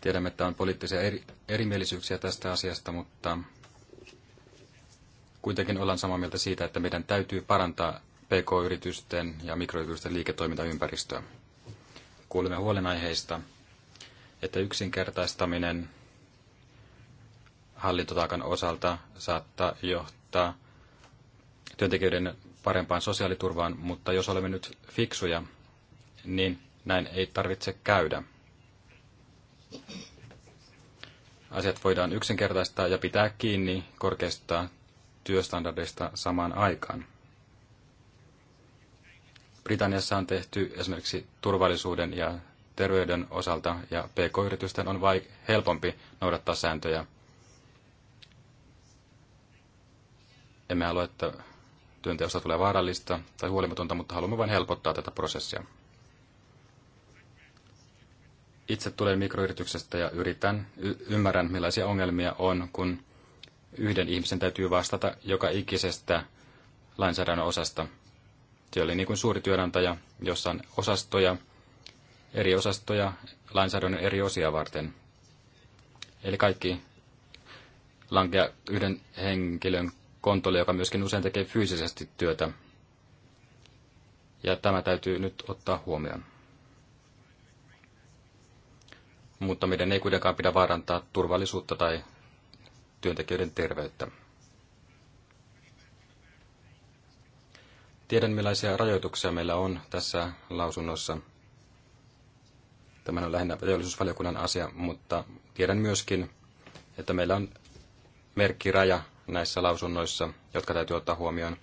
Tiedämme, että on poliittisia eri, erimielisyyksiä tästä asiasta, mutta kuitenkin ollaan samaa mieltä siitä, että meidän täytyy parantaa PK-yritysten ja mikroyritysten liiketoimintaympäristöä kuulimme huolenaiheista, että yksinkertaistaminen hallintotaakan osalta saattaa johtaa työntekijöiden parempaan sosiaaliturvaan, mutta jos olemme nyt fiksuja, niin näin ei tarvitse käydä. Asiat voidaan yksinkertaistaa ja pitää kiinni korkeista työstandardeista samaan aikaan. Britanniassa on tehty esimerkiksi turvallisuuden ja terveyden osalta, ja pk-yritysten on vaik- helpompi noudattaa sääntöjä. Emme halua, että työnteosta tulee vaarallista tai huolimatonta, mutta haluamme vain helpottaa tätä prosessia. Itse tulen mikroyrityksestä ja yritän, y- ymmärrän millaisia ongelmia on, kun yhden ihmisen täytyy vastata joka ikisestä lainsäädännön osasta – se oli niin kuin suuri työnantaja, jossa on osastoja, eri osastoja lainsäädännön eri osia varten. Eli kaikki lankea yhden henkilön kontolle, joka myöskin usein tekee fyysisesti työtä. Ja tämä täytyy nyt ottaa huomioon. Mutta meidän ei kuitenkaan pidä vaarantaa turvallisuutta tai työntekijöiden terveyttä. Tiedän, millaisia rajoituksia meillä on tässä lausunnossa. Tämä on lähinnä teollisuusvaliokunnan asia, mutta tiedän myöskin, että meillä on merkkiraja näissä lausunnoissa, jotka täytyy ottaa huomioon.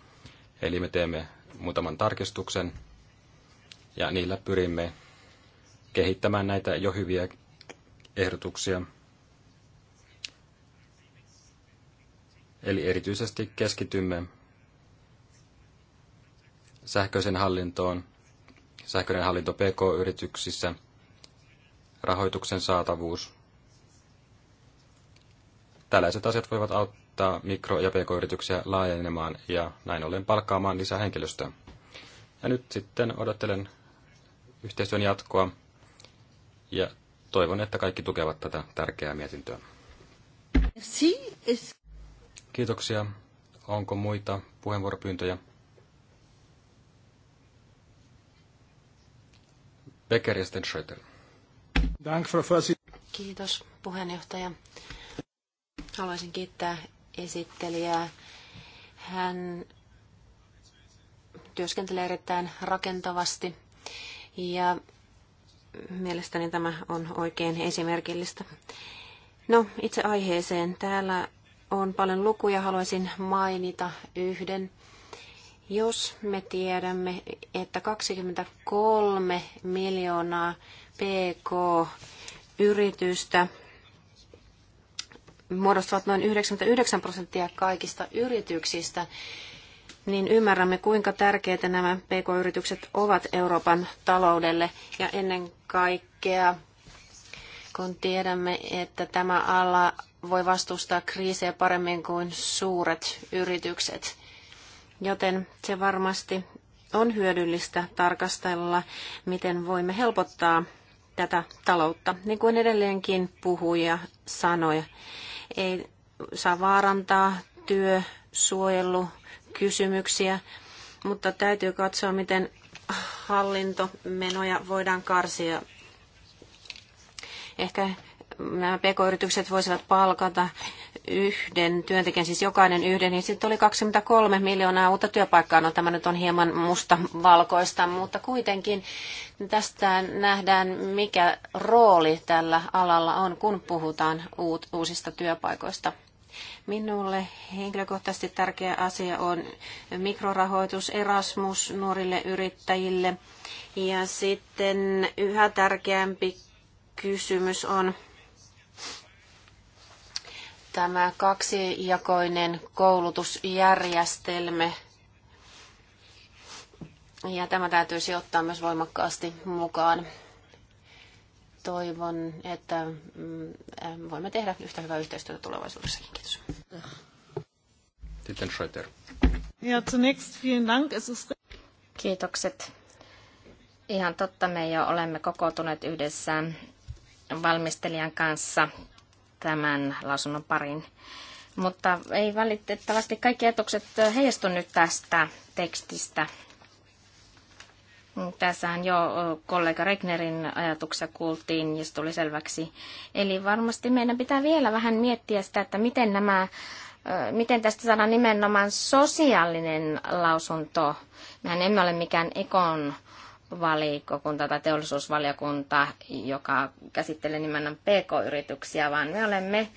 Eli me teemme muutaman tarkistuksen ja niillä pyrimme kehittämään näitä jo hyviä ehdotuksia. Eli erityisesti keskitymme sähköisen hallintoon, sähköinen hallinto PK-yrityksissä, rahoituksen saatavuus. Tällaiset asiat voivat auttaa mikro- ja pk-yrityksiä laajenemaan ja näin ollen palkkaamaan lisää henkilöstöä. Ja nyt sitten odottelen yhteistyön jatkoa ja toivon, että kaikki tukevat tätä tärkeää mietintöä. Kiitoksia. Onko muita puheenvuoropyyntöjä? Becker ja Kiitos puheenjohtaja. Haluaisin kiittää esittelijää. Hän työskentelee erittäin rakentavasti ja mielestäni tämä on oikein esimerkillistä. No, itse aiheeseen. Täällä on paljon lukuja, haluaisin mainita yhden. Jos me tiedämme, että 23 miljoonaa PK-yritystä muodostavat noin 99 prosenttia kaikista yrityksistä, niin ymmärrämme, kuinka tärkeitä nämä PK-yritykset ovat Euroopan taloudelle ja ennen kaikkea, kun tiedämme, että tämä ala voi vastustaa kriisejä paremmin kuin suuret yritykset joten se varmasti on hyödyllistä tarkastella, miten voimme helpottaa tätä taloutta. Niin kuin edelleenkin puhuja sanoi, ei saa vaarantaa työsuojelukysymyksiä, mutta täytyy katsoa, miten hallintomenoja voidaan karsia. Ehkä nämä pk-yritykset voisivat palkata yhden työntekijän, siis jokainen yhden, niin sitten oli 23 miljoonaa uutta työpaikkaa. No tämä nyt on hieman musta valkoista, mutta kuitenkin tästä nähdään, mikä rooli tällä alalla on, kun puhutaan uusista työpaikoista. Minulle henkilökohtaisesti tärkeä asia on mikrorahoitus Erasmus nuorille yrittäjille. Ja sitten yhä tärkeämpi kysymys on tämä kaksijakoinen koulutusjärjestelmä. Ja tämä täytyisi ottaa myös voimakkaasti mukaan. Toivon, että mm, äh, voimme tehdä yhtä hyvää yhteistyötä tulevaisuudessakin. Kiitos. Ja zunächst vielen Dank. Es ist... Kiitokset. Ihan totta, me jo olemme kokoutuneet yhdessä valmistelijan kanssa tämän lausunnon parin. Mutta ei valitettavasti kaikki ajatukset heijastu nyt tästä tekstistä. Tässähän jo kollega Regnerin ajatuksia kuultiin ja se tuli selväksi. Eli varmasti meidän pitää vielä vähän miettiä sitä, että miten, nämä, miten tästä saadaan nimenomaan sosiaalinen lausunto. Mehän emme ole mikään ekon valiokunta tai teollisuusvaliokunta, joka käsittelee nimenomaan PK-yrityksiä, vaan me olemme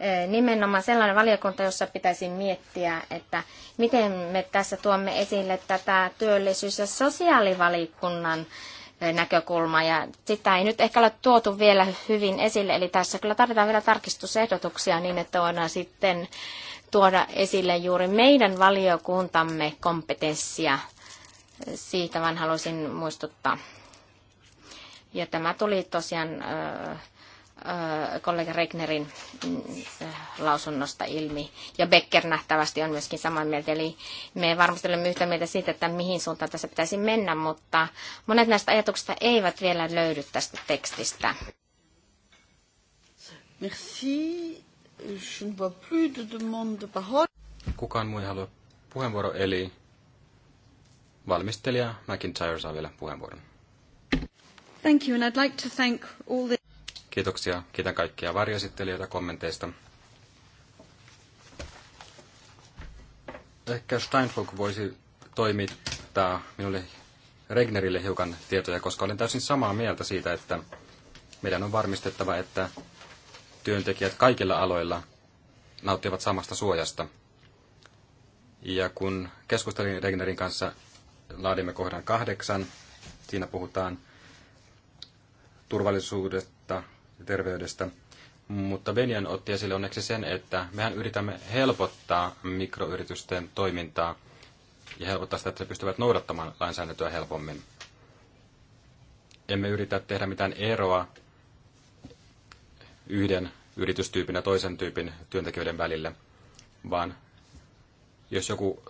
e, nimenomaan sellainen valiokunta, jossa pitäisi miettiä, että miten me tässä tuomme esille tätä työllisyys- ja sosiaalivalikunnan e, näkökulmaa, ja sitä ei nyt ehkä ole tuotu vielä hyvin esille, eli tässä kyllä tarvitaan vielä tarkistusehdotuksia niin, että voidaan sitten tuoda esille juuri meidän valiokuntamme kompetenssia siitä vain halusin muistuttaa. Ja tämä tuli tosiaan kollega Regnerin mm, lausunnosta ilmi. Ja Becker nähtävästi on myöskin samaa mieltä. Eli me varmasti olemme yhtä mieltä siitä, että mihin suuntaan tässä pitäisi mennä, mutta monet näistä ajatuksista eivät vielä löydy tästä tekstistä. Merci. Je ne vois plus de demande de parole. Kukaan muu ei halua puheenvuoro, eli Valmistelija McIntyre saa vielä puheenvuoron. Thank you, and I'd like to thank all the... Kiitoksia. Kiitän kaikkia varjoesittelijöitä kommenteista. Ehkä Steinfolk voisi toimittaa minulle Regnerille hiukan tietoja, koska olen täysin samaa mieltä siitä, että meidän on varmistettava, että työntekijät kaikilla aloilla nauttivat samasta suojasta. Ja kun keskustelin Regnerin kanssa, laadimme kohdan kahdeksan. Siinä puhutaan turvallisuudesta ja terveydestä. Mutta Benjan otti esille onneksi sen, että mehän yritämme helpottaa mikroyritysten toimintaa ja helpottaa sitä, että he pystyvät noudattamaan lainsäädäntöä helpommin. Emme yritä tehdä mitään eroa yhden yritystyypin ja toisen tyypin työntekijöiden välille, vaan jos joku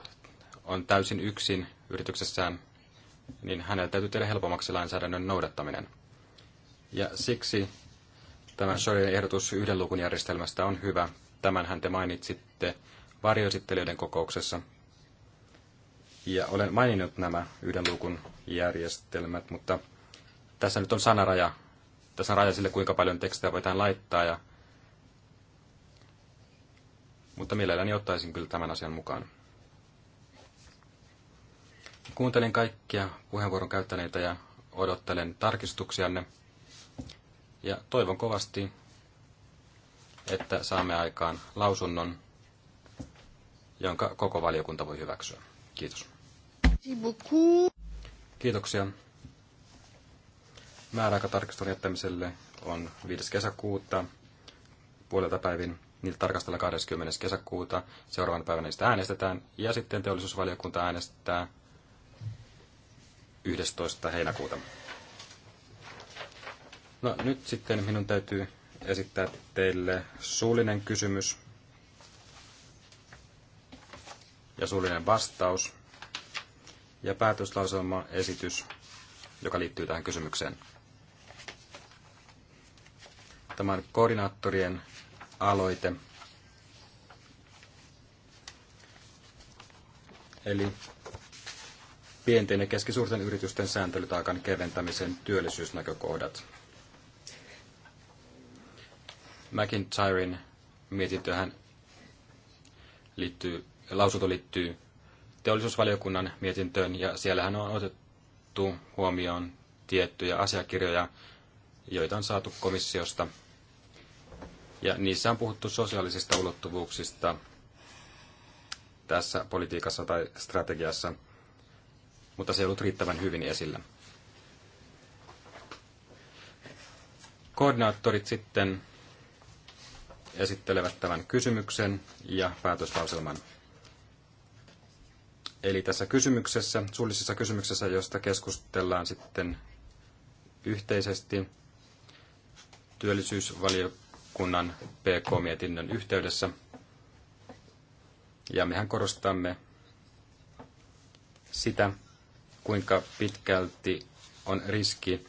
on täysin yksin yrityksessään, niin hänellä täytyy tehdä helpommaksi lainsäädännön noudattaminen. Ja siksi tämä Shorin ehdotus yhden lukun järjestelmästä on hyvä. Tämänhän te mainitsitte varjoesittelijöiden kokouksessa. Ja olen maininnut nämä yhden lukun järjestelmät, mutta tässä nyt on sanaraja. Tässä on raja sille, kuinka paljon tekstejä voidaan laittaa. Ja... Mutta mielelläni ottaisin kyllä tämän asian mukaan. Kuuntelen kaikkia puheenvuoron käyttäneitä ja odottelen tarkistuksianne. Ja toivon kovasti, että saamme aikaan lausunnon, jonka koko valiokunta voi hyväksyä. Kiitos. Kiitoksia. tarkistuksen jättämiselle on 5. kesäkuuta puolelta päivin. Niitä tarkastellaan 20. kesäkuuta. Seuraavan päivänä niistä äänestetään. Ja sitten teollisuusvaliokunta äänestää 11. heinäkuuta. No nyt sitten minun täytyy esittää teille suullinen kysymys ja suullinen vastaus ja päätöslauselma esitys, joka liittyy tähän kysymykseen. Tämän koordinaattorien aloite. Eli pienten ja keskisuurten yritysten sääntelytaakan keventämisen työllisyysnäkökohdat. McIntyren mietintöhän liittyy, lausunto liittyy teollisuusvaliokunnan mietintöön ja siellähän on otettu huomioon tiettyjä asiakirjoja, joita on saatu komissiosta. Ja niissä on puhuttu sosiaalisista ulottuvuuksista tässä politiikassa tai strategiassa – mutta se ei ollut riittävän hyvin esillä. Koordinaattorit sitten esittelevät tämän kysymyksen ja päätöslauselman. Eli tässä kysymyksessä, suullisessa kysymyksessä, josta keskustellaan sitten yhteisesti työllisyysvaliokunnan PK-mietinnön yhteydessä. Ja mehän korostamme sitä, kuinka pitkälti on riski,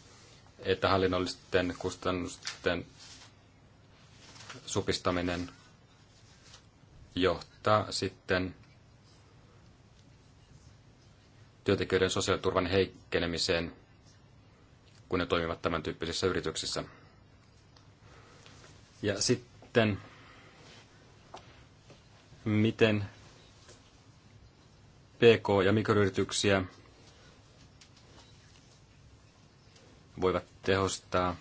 että hallinnollisten kustannusten supistaminen johtaa sitten työntekijöiden sosiaaliturvan heikkenemiseen, kun ne toimivat tämän tyyppisissä yrityksissä. Ja sitten, miten PK- ja mikroyrityksiä voivat tehostaa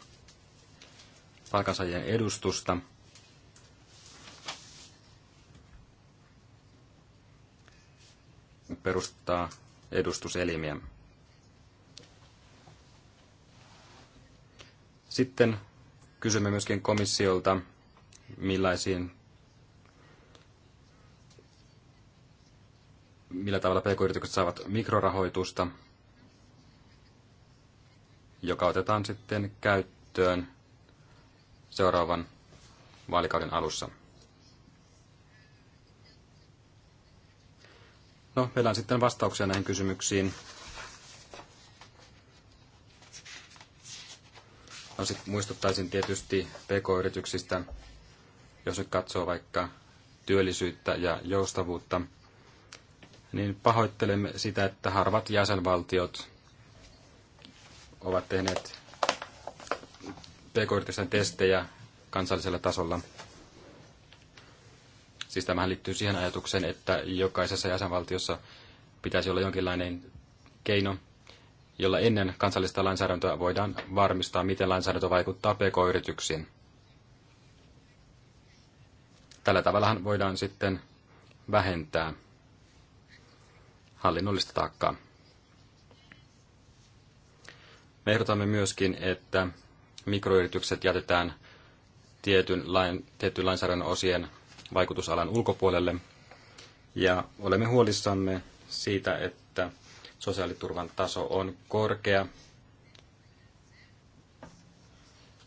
palkansaajien edustusta. perustaa edustuselimiä. Sitten kysymme myöskin komissiolta, millaisiin, millä tavalla pk-yritykset saavat mikrorahoitusta joka otetaan sitten käyttöön seuraavan vaalikauden alussa. No, meillä on sitten vastauksia näihin kysymyksiin. No, sit muistuttaisin tietysti pk-yrityksistä, jos nyt katsoo vaikka työllisyyttä ja joustavuutta, niin pahoittelemme sitä, että harvat jäsenvaltiot ovat tehneet pk-yritysten testejä kansallisella tasolla. Siis tämähän liittyy siihen ajatukseen, että jokaisessa jäsenvaltiossa pitäisi olla jonkinlainen keino, jolla ennen kansallista lainsäädäntöä voidaan varmistaa, miten lainsäädäntö vaikuttaa pk-yrityksiin. Tällä tavallahan voidaan sitten vähentää hallinnollista taakkaa. Me ehdotamme myöskin, että mikroyritykset jätetään tietyn, lain, tietyn lainsäädännön osien vaikutusalan ulkopuolelle. Ja olemme huolissamme siitä, että sosiaaliturvan taso on korkea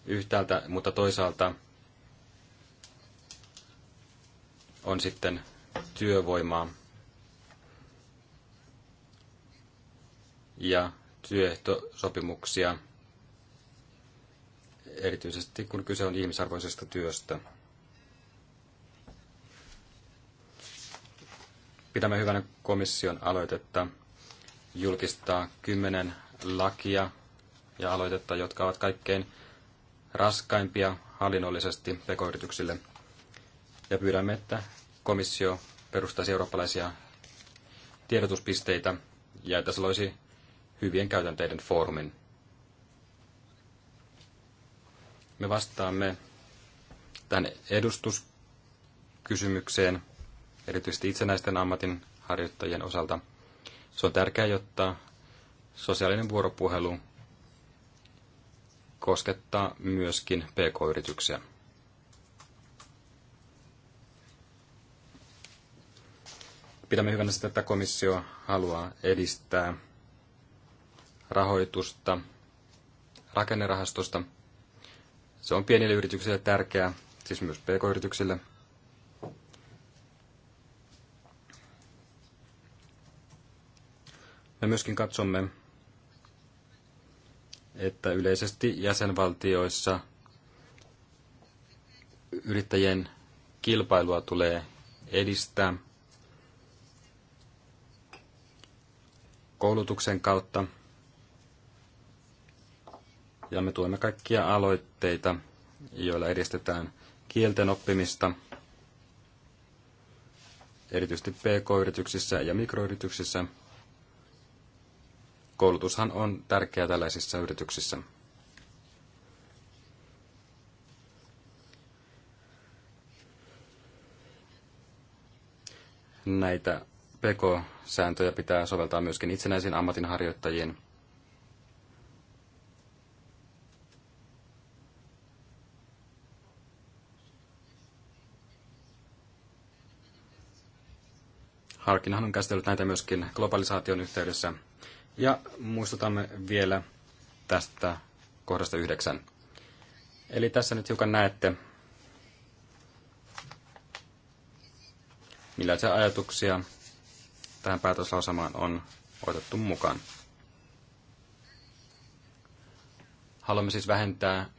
yhtäältä, mutta toisaalta on sitten työvoimaa. Ja työehtosopimuksia, erityisesti kun kyse on ihmisarvoisesta työstä. Pidämme hyvänä komission aloitetta julkistaa kymmenen lakia ja aloitetta, jotka ovat kaikkein raskaimpia hallinnollisesti pk Ja pyydämme, että komissio perustaisi eurooppalaisia tiedotuspisteitä ja että se loisi hyvien käytänteiden foorumin. Me vastaamme tämän edustuskysymykseen, erityisesti itsenäisten ammatin harjoittajien osalta. Se on tärkeää, jotta sosiaalinen vuoropuhelu koskettaa myöskin pk-yrityksiä. Pidämme hyvänä sitä, että komissio haluaa edistää rahoitusta rakennerahastosta. Se on pienille yrityksille tärkeää, siis myös pk-yrityksille. Me myöskin katsomme, että yleisesti jäsenvaltioissa yrittäjien kilpailua tulee edistää koulutuksen kautta – ja me tuemme kaikkia aloitteita, joilla edistetään kielten oppimista, erityisesti pk-yrityksissä ja mikroyrityksissä. Koulutushan on tärkeää tällaisissa yrityksissä. Näitä PK-sääntöjä pitää soveltaa myöskin itsenäisiin ammatinharjoittajiin – Harkinhan on käsitellyt näitä myöskin globalisaation yhteydessä. Ja muistutamme vielä tästä kohdasta yhdeksän. Eli tässä nyt hiukan näette, millaisia ajatuksia tähän päätöslausamaan on otettu mukaan. Haluamme siis vähentää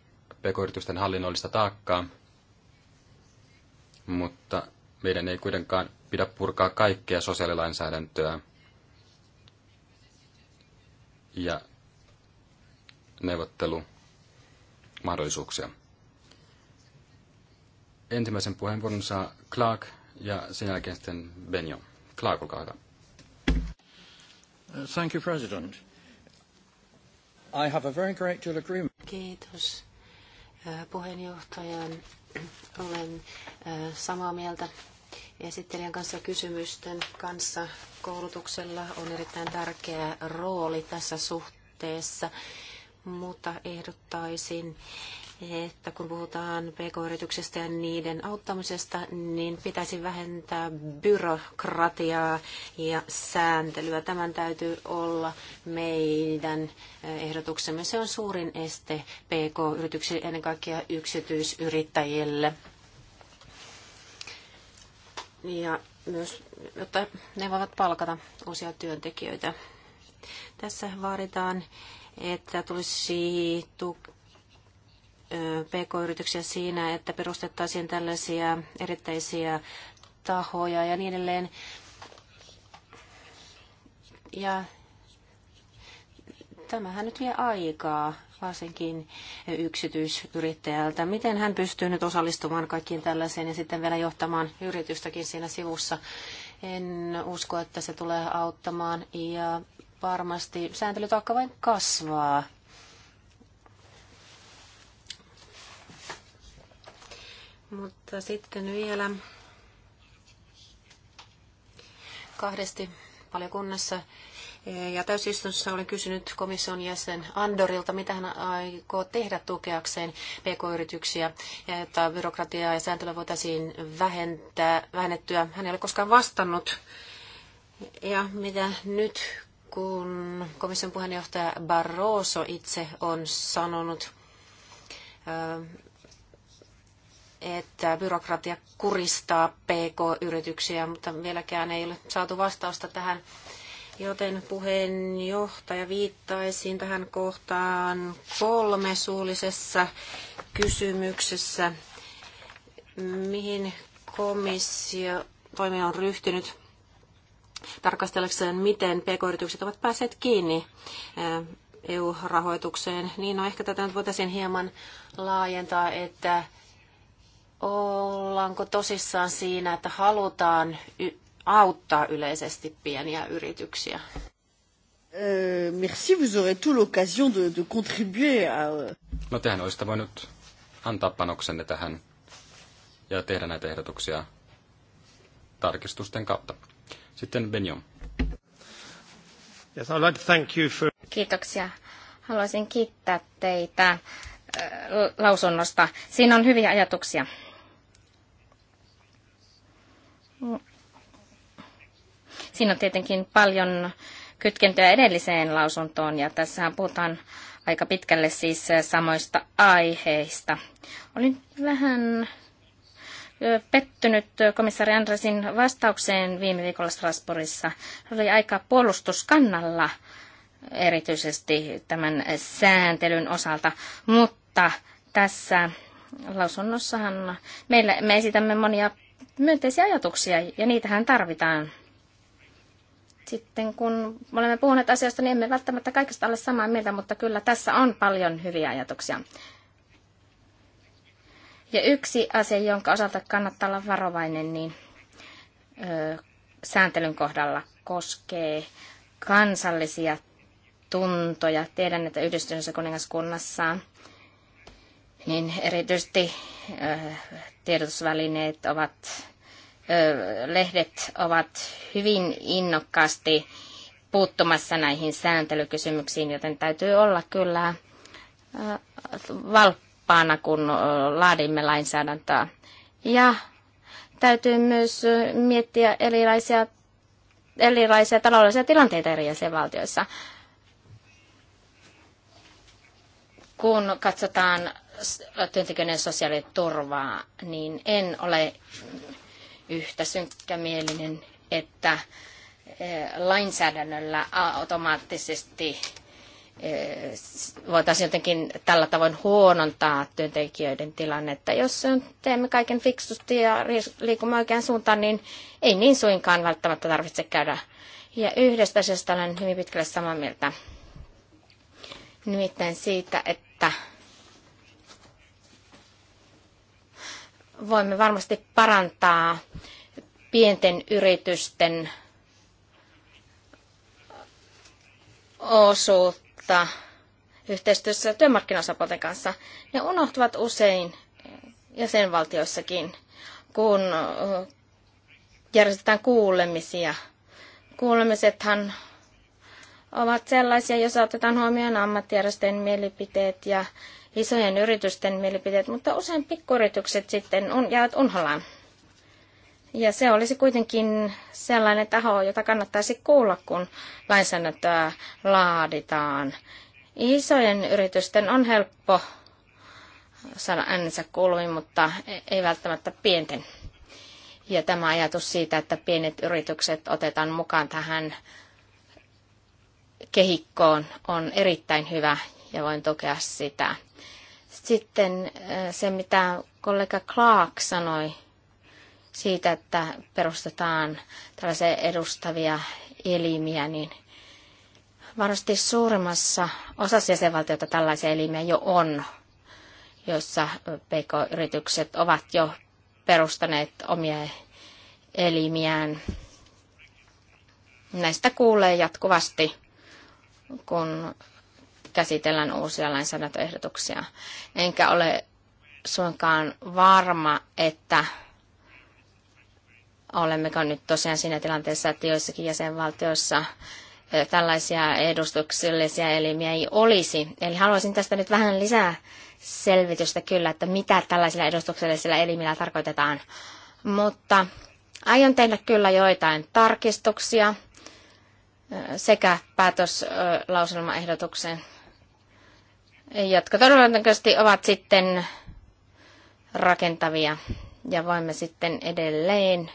pk-yritysten hallinnollista taakkaa, mutta meidän ei kuitenkaan pidä purkaa kaikkea sosiaalilainsäädäntöä ja neuvottelumahdollisuuksia. Ensimmäisen puheenvuoron saa Clark ja sen jälkeen sitten Benjo. Clark, olkaa hyvä. Thank you, President. I have a very great deal agreement. Kiitos äh, puheenjohtajan. Olen äh, samaa mieltä esittelijän kanssa kysymysten kanssa. Koulutuksella on erittäin tärkeä rooli tässä suhteessa, mutta ehdottaisin, että kun puhutaan pk yrityksestä ja niiden auttamisesta, niin pitäisi vähentää byrokratiaa ja sääntelyä. Tämän täytyy olla meidän ehdotuksemme. Se on suurin este pk-yrityksille, ennen kaikkea yksityisyrittäjille ja myös, jotta ne voivat palkata uusia työntekijöitä. Tässä vaaditaan, että tulisi tukea pk-yrityksiä siinä, että perustettaisiin tällaisia erittäisiä tahoja ja niin edelleen. Ja tämähän nyt vie aikaa varsinkin yksityisyrittäjältä. Miten hän pystyy nyt osallistumaan kaikkiin tällaiseen ja sitten vielä johtamaan yritystäkin siinä sivussa? En usko, että se tulee auttamaan ja varmasti sääntelytaakka vain kasvaa. Mutta sitten vielä kahdesti valiokunnassa ja täysistunnossa olen kysynyt komission jäsen Andorilta, mitä hän aikoo tehdä tukeakseen pk-yrityksiä, että byrokratiaa ja sääntelyä voitaisiin vähentää, vähennettyä. Hän ei ole koskaan vastannut. Ja mitä nyt, kun komission puheenjohtaja Barroso itse on sanonut, että byrokratia kuristaa pk-yrityksiä, mutta vieläkään ei ole saatu vastausta tähän Joten puheenjohtaja viittaisin tähän kohtaan kolme suullisessa kysymyksessä, mihin komissio toimi on ryhtynyt tarkastellakseen, miten pk-yritykset ovat päässeet kiinni eh, EU-rahoitukseen. Niin no ehkä tätä nyt voitaisiin hieman laajentaa, että ollaanko tosissaan siinä, että halutaan auttaa yleisesti pieniä yrityksiä? Euh, merci, vous aurez tout l'occasion de, de contribuer à... Euh. No tehän olisitte voinut antaa panoksenne tähän ja tehdä näitä ehdotuksia tarkistusten kautta. Sitten Benjon. Yes, I'd like to thank you for... Kiitoksia. Haluaisin kiittää teitä äh, lausunnosta. Siinä on hyviä ajatuksia. Siinä on tietenkin paljon kytkentöä edelliseen lausuntoon ja tässähän puhutaan aika pitkälle siis samoista aiheista. Olin vähän pettynyt komissaari Andresin vastaukseen viime viikolla Strasbourgissa. Hän oli aika puolustuskannalla erityisesti tämän sääntelyn osalta, mutta tässä lausunnossahan meillä, me esitämme monia myönteisiä ajatuksia ja niitähän tarvitaan sitten kun olemme puhuneet asioista, niin emme välttämättä kaikista ole samaa mieltä, mutta kyllä tässä on paljon hyviä ajatuksia. Ja yksi asia, jonka osalta kannattaa olla varovainen, niin ö, sääntelyn kohdalla koskee kansallisia tuntoja. Tiedän, että yhdistyneessä kuningaskunnassa niin erityisesti ö, tiedotusvälineet ovat lehdet ovat hyvin innokkaasti puuttumassa näihin sääntelykysymyksiin, joten täytyy olla kyllä valppaana, kun laadimme lainsäädäntöä. Ja täytyy myös miettiä erilaisia, erilaisia taloudellisia tilanteita eri jäsenvaltioissa. Kun katsotaan työntekijöiden sosiaaliturvaa, niin en ole yhtä synkkämielinen, että eh, lainsäädännöllä automaattisesti eh, voitaisiin jotenkin tällä tavoin huonontaa työntekijöiden tilannetta. Jos teemme kaiken fiksusti ja liikumme oikeaan suuntaan, niin ei niin suinkaan välttämättä tarvitse käydä. Ja yhdestä asiasta olen hyvin pitkälle samaa mieltä. Nimittäin siitä, että voimme varmasti parantaa pienten yritysten osuutta yhteistyössä työmarkkinaosapuolten kanssa. Ne unohtuvat usein jäsenvaltioissakin, kun järjestetään kuulemisia. Kuulemisethan ovat sellaisia, joissa otetaan huomioon ammattijärjestöjen mielipiteet ja isojen yritysten mielipiteet, mutta usein pikkuyritykset sitten on, jäävät unholaan. Ja se olisi kuitenkin sellainen taho, jota kannattaisi kuulla, kun lainsäädäntöä laaditaan. Isojen yritysten on helppo saada äänensä kuuluviin, mutta ei välttämättä pienten. Ja tämä ajatus siitä, että pienet yritykset otetaan mukaan tähän kehikkoon, on erittäin hyvä ja voin tukea sitä. Sitten äh, se, mitä kollega Clark sanoi siitä, että perustetaan tällaisia edustavia elimiä, niin varmasti suurimmassa osassa jäsenvaltioita tällaisia elimiä jo on, joissa PK-yritykset ovat jo perustaneet omia elimiään. Näistä kuulee jatkuvasti, kun käsitellään uusia lainsäädäntöehdotuksia. Enkä ole suinkaan varma, että olemmeko nyt tosiaan siinä tilanteessa, että joissakin jäsenvaltioissa eh, tällaisia edustuksellisia elimiä ei olisi. Eli haluaisin tästä nyt vähän lisää selvitystä kyllä, että mitä tällaisilla edustuksellisilla elimillä tarkoitetaan. Mutta aion tehdä kyllä joitain tarkistuksia eh, sekä päätöslauselmaehdotuksen jotka todennäköisesti ovat sitten rakentavia ja voimme sitten edelleen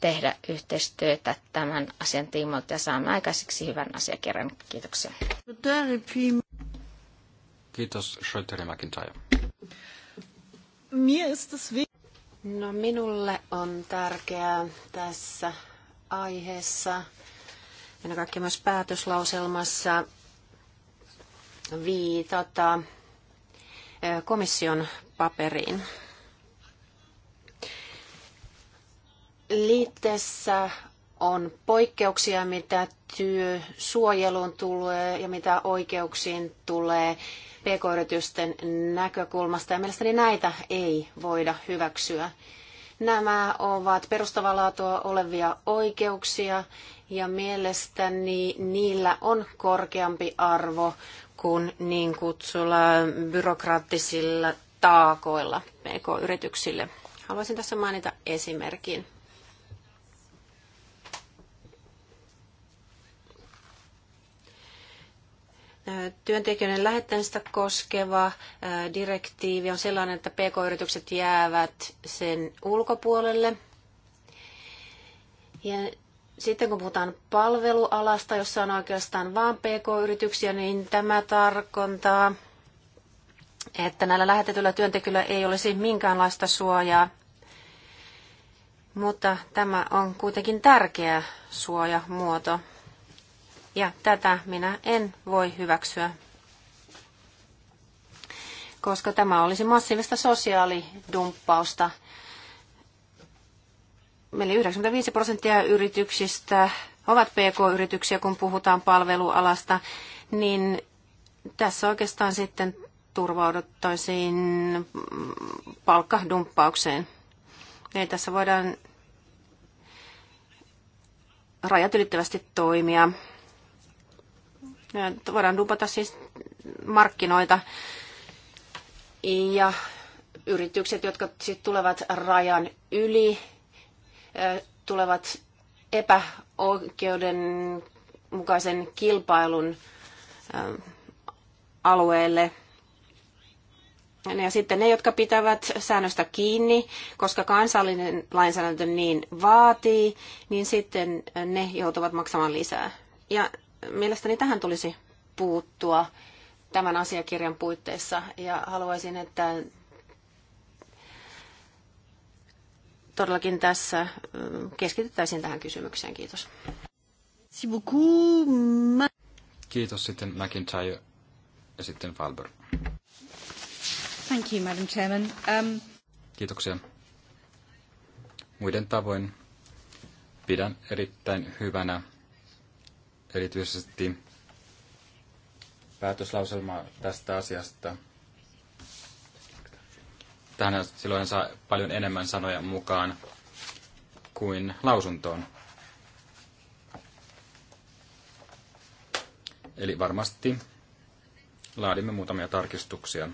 tehdä yhteistyötä tämän asian tiimoilta ja saamme aikaiseksi hyvän asiakirjan. Kiitoksia. Kiitos, Schröter McIntyre. No, minulle on tärkeää tässä aiheessa, ennen kaikkea myös päätöslauselmassa, viitata komission paperiin. Liitteessä on poikkeuksia, mitä työsuojeluun tulee ja mitä oikeuksiin tulee pk-yritysten näkökulmasta. Ja mielestäni näitä ei voida hyväksyä. Nämä ovat perustavalaatua olevia oikeuksia ja mielestäni niillä on korkeampi arvo kuin niin kutsulla byrokraattisilla taakoilla PK-yrityksille. Haluaisin tässä mainita esimerkin. Työntekijöiden lähettämistä koskeva direktiivi on sellainen, että pk-yritykset jäävät sen ulkopuolelle. Ja sitten kun puhutaan palvelualasta, jossa on oikeastaan vain PK-yrityksiä, niin tämä tarkoittaa, että näillä lähetetyillä työntekijöillä ei olisi minkäänlaista suojaa. Mutta tämä on kuitenkin tärkeä suojamuoto. Ja tätä minä en voi hyväksyä, koska tämä olisi massiivista sosiaalidumppausta – Meillä 95 prosenttia yrityksistä ovat PK-yrityksiä, kun puhutaan palvelualasta, niin tässä oikeastaan sitten turvauduttaisiin palkkadumppaukseen. Eli tässä voidaan rajat ylittävästi toimia. Ja voidaan dumpata siis markkinoita ja yritykset, jotka sitten tulevat rajan yli, tulevat epäoikeudenmukaisen kilpailun alueelle. Ja sitten ne, jotka pitävät säännöstä kiinni, koska kansallinen lainsäädäntö niin vaatii, niin sitten ne joutuvat maksamaan lisää. Ja mielestäni tähän tulisi puuttua tämän asiakirjan puitteissa ja haluaisin, että todellakin tässä mm, keskityttäisiin tähän kysymykseen. Kiitos. Kiitos sitten McIntyre ja sitten Falber. Thank you, Madam Chairman. Um... Kiitoksia. Muiden tavoin pidän erittäin hyvänä erityisesti päätöslauselmaa tästä asiasta – tähän silloin saa paljon enemmän sanoja mukaan kuin lausuntoon. Eli varmasti laadimme muutamia tarkistuksia.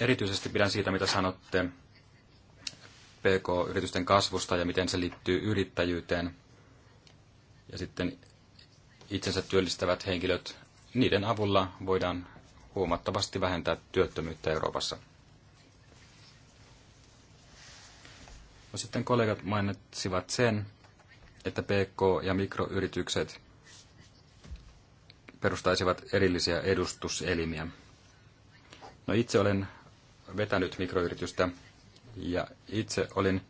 Erityisesti pidän siitä, mitä sanotte PK-yritysten kasvusta ja miten se liittyy yrittäjyyteen. Ja sitten itsensä työllistävät henkilöt, niiden avulla voidaan huomattavasti vähentää työttömyyttä Euroopassa. No sitten kollegat mainitsivat sen, että PK- ja mikroyritykset perustaisivat erillisiä edustuselimiä. No itse olen vetänyt mikroyritystä ja itse olin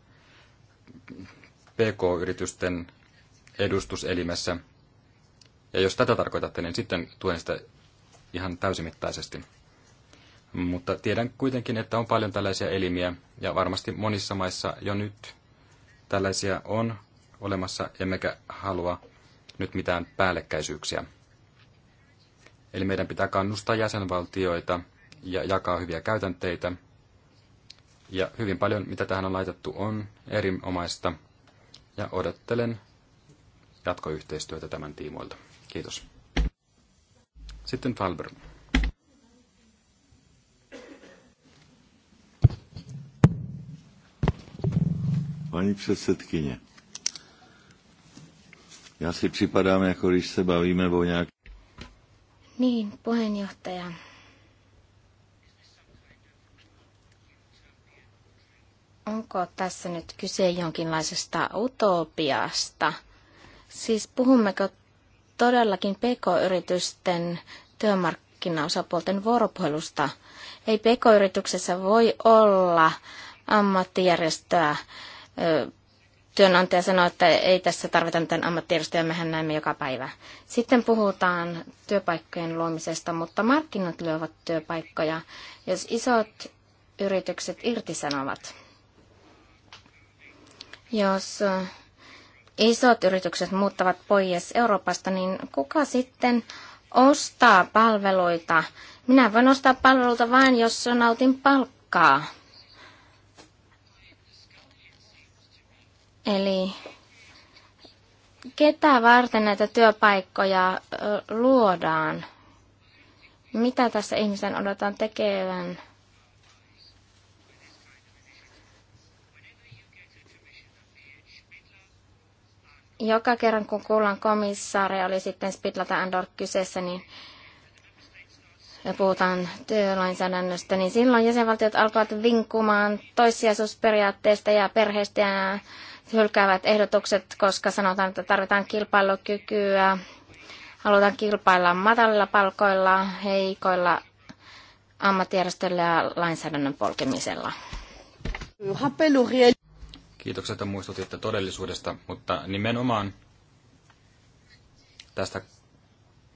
PK-yritysten edustuselimessä – ja jos tätä tarkoitatte, niin sitten tuen sitä ihan täysimittaisesti. Mutta tiedän kuitenkin, että on paljon tällaisia elimiä, ja varmasti monissa maissa jo nyt tällaisia on olemassa, emmekä halua nyt mitään päällekkäisyyksiä. Eli meidän pitää kannustaa jäsenvaltioita ja jakaa hyviä käytänteitä. Ja hyvin paljon, mitä tähän on laitettu, on erinomaista. Ja odottelen jatkoyhteistyötä tämän tiimoilta. Kiitos. Sitten Talber. Pani předsedkyně, já si připadám, jako když se bavíme o nějak... Niin, puheenjohtaja. Onko tässä nyt kyse jonkinlaisesta utopiasta? Siis puhummeko todellakin pk-yritysten työmarkkinaosapuolten vuoropuhelusta. Ei pk-yrityksessä voi olla ammattijärjestöä. Työnantaja sanoo, että ei tässä tarvita mitään ammattijärjestöjä, mehän näemme joka päivä. Sitten puhutaan työpaikkojen luomisesta, mutta markkinat luovat työpaikkoja, jos isot yritykset irtisanovat. Jos isot yritykset muuttavat pois Euroopasta, niin kuka sitten ostaa palveluita? Minä voin ostaa palveluita vain, jos nautin palkkaa. Eli ketä varten näitä työpaikkoja luodaan? Mitä tässä ihmisen odotetaan tekevän? joka kerran kun kuullaan komissaari, oli sitten Spidla tai Andor kyseessä, niin ja puhutaan työlainsäädännöstä, niin silloin jäsenvaltiot alkavat vinkumaan toissijaisuusperiaatteesta ja perheestä ja hylkäävät ehdotukset, koska sanotaan, että tarvitaan kilpailukykyä, halutaan kilpailla matalilla palkoilla, heikoilla ammattijärjestöillä ja lainsäädännön polkemisella. Kiitoksia, että muistutitte todellisuudesta, mutta nimenomaan tästä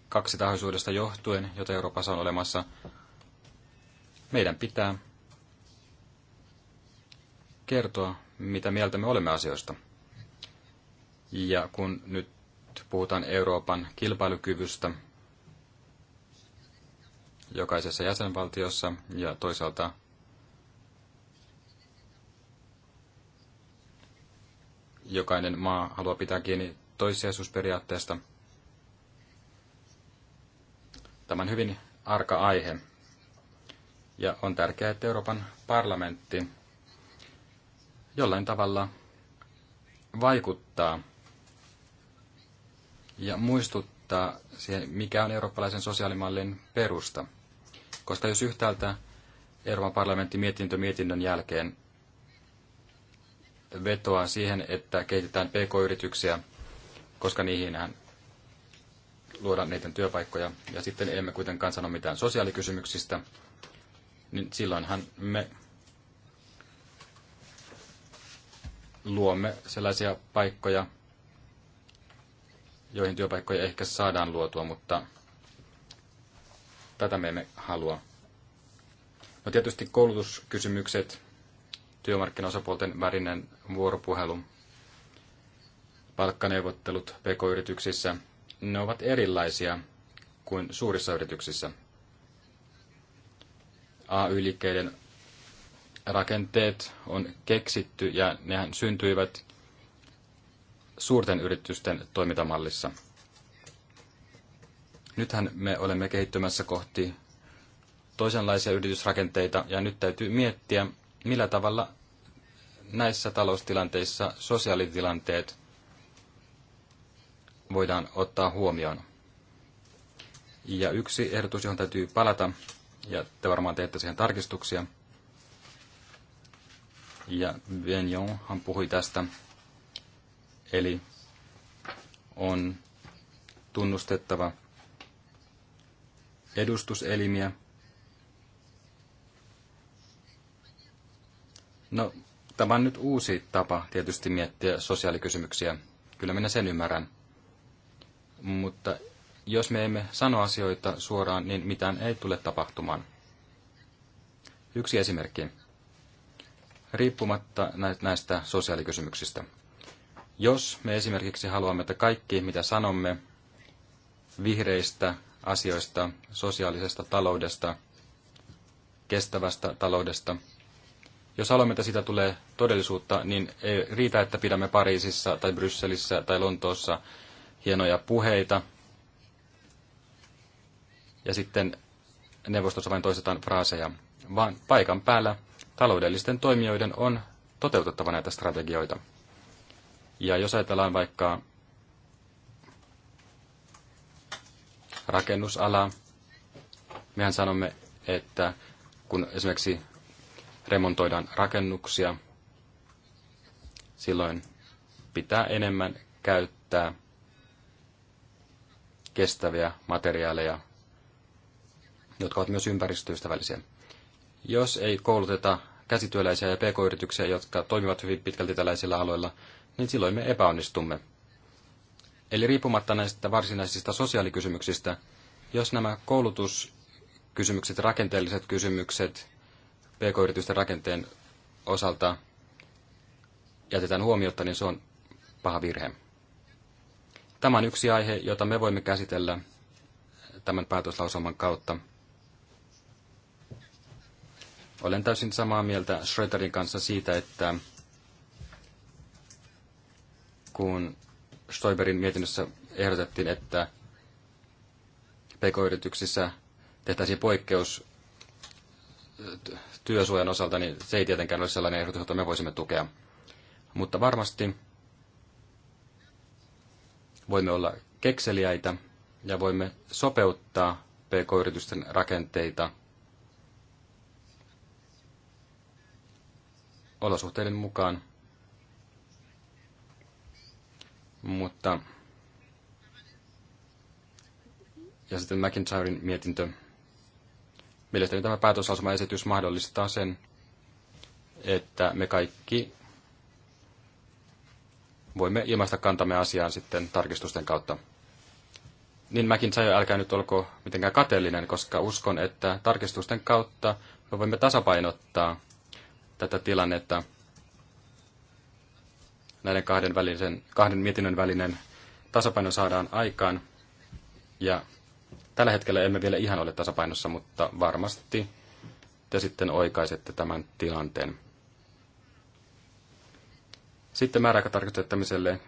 kaksitahoisuudesta johtuen, jota Euroopassa on olemassa, meidän pitää kertoa, mitä mieltä me olemme asioista. Ja kun nyt puhutaan Euroopan kilpailukyvystä jokaisessa jäsenvaltiossa ja toisaalta jokainen maa haluaa pitää kiinni toissijaisuusperiaatteesta. Tämä on hyvin arka aihe. Ja on tärkeää, että Euroopan parlamentti jollain tavalla vaikuttaa ja muistuttaa siihen, mikä on eurooppalaisen sosiaalimallin perusta. Koska jos yhtäältä Euroopan parlamentti mietintö mietinnön jälkeen vetoaa siihen, että kehitetään pk-yrityksiä, koska niihin luodaan niitä työpaikkoja, ja sitten emme kuitenkaan sano mitään sosiaalikysymyksistä, niin silloinhan me luomme sellaisia paikkoja, joihin työpaikkoja ehkä saadaan luotua, mutta tätä me emme halua. No tietysti koulutuskysymykset työmarkkinaosapuolten välinen vuoropuhelu, palkkaneuvottelut pk-yrityksissä, ne ovat erilaisia kuin suurissa yrityksissä. AY-liikkeiden rakenteet on keksitty ja nehän syntyivät suurten yritysten toimintamallissa. Nythän me olemme kehittymässä kohti toisenlaisia yritysrakenteita ja nyt täytyy miettiä, millä tavalla näissä taloustilanteissa sosiaalitilanteet voidaan ottaa huomioon. Ja yksi ehdotus, johon täytyy palata, ja te varmaan teette siihen tarkistuksia, ja Benjonhan puhui tästä, eli on tunnustettava edustuselimiä, No, tämä on nyt uusi tapa tietysti miettiä sosiaalikysymyksiä. Kyllä minä sen ymmärrän. Mutta jos me emme sano asioita suoraan, niin mitään ei tule tapahtumaan. Yksi esimerkki. Riippumatta näistä sosiaalikysymyksistä. Jos me esimerkiksi haluamme, että kaikki mitä sanomme vihreistä asioista, sosiaalisesta taloudesta, kestävästä taloudesta – jos haluamme, että sitä tulee todellisuutta, niin ei riitä, että pidämme Pariisissa tai Brysselissä tai Lontoossa hienoja puheita. Ja sitten neuvostossa vain toistetaan fraaseja, vaan paikan päällä taloudellisten toimijoiden on toteutettava näitä strategioita. Ja jos ajatellaan vaikka rakennusalaa, mehän sanomme, että kun esimerkiksi remontoidaan rakennuksia, silloin pitää enemmän käyttää kestäviä materiaaleja, jotka ovat myös ympäristöystävällisiä. Jos ei kouluteta käsityöläisiä ja pk-yrityksiä, jotka toimivat hyvin pitkälti tällaisilla aloilla, niin silloin me epäonnistumme. Eli riippumatta näistä varsinaisista sosiaalikysymyksistä, jos nämä koulutuskysymykset, rakenteelliset kysymykset pk-yritysten rakenteen osalta jätetään huomiota, niin se on paha virhe. Tämä on yksi aihe, jota me voimme käsitellä tämän päätöslausuman kautta. Olen täysin samaa mieltä Schröterin kanssa siitä, että kun Stoiberin mietinnössä ehdotettiin, että pk-yrityksissä tehtäisiin poikkeus työsuojan osalta, niin se ei tietenkään ole sellainen ehdotus, jota me voisimme tukea. Mutta varmasti voimme olla kekseliäitä ja voimme sopeuttaa pk-yritysten rakenteita olosuhteiden mukaan. Mutta ja sitten McIntyren mietintö Mielestäni tämä päätösasemaesitys mahdollistaa sen, että me kaikki voimme ilmaista kantamme asiaan sitten tarkistusten kautta. Niin mäkin sanoin, älkää nyt olko mitenkään kateellinen, koska uskon, että tarkistusten kautta me voimme tasapainottaa tätä tilannetta näiden kahden, välisen, kahden mietinnön välinen tasapaino saadaan aikaan. Ja Tällä hetkellä emme vielä ihan ole tasapainossa, mutta varmasti te sitten oikaisette tämän tilanteen. Sitten määräaikatarkistettamiselle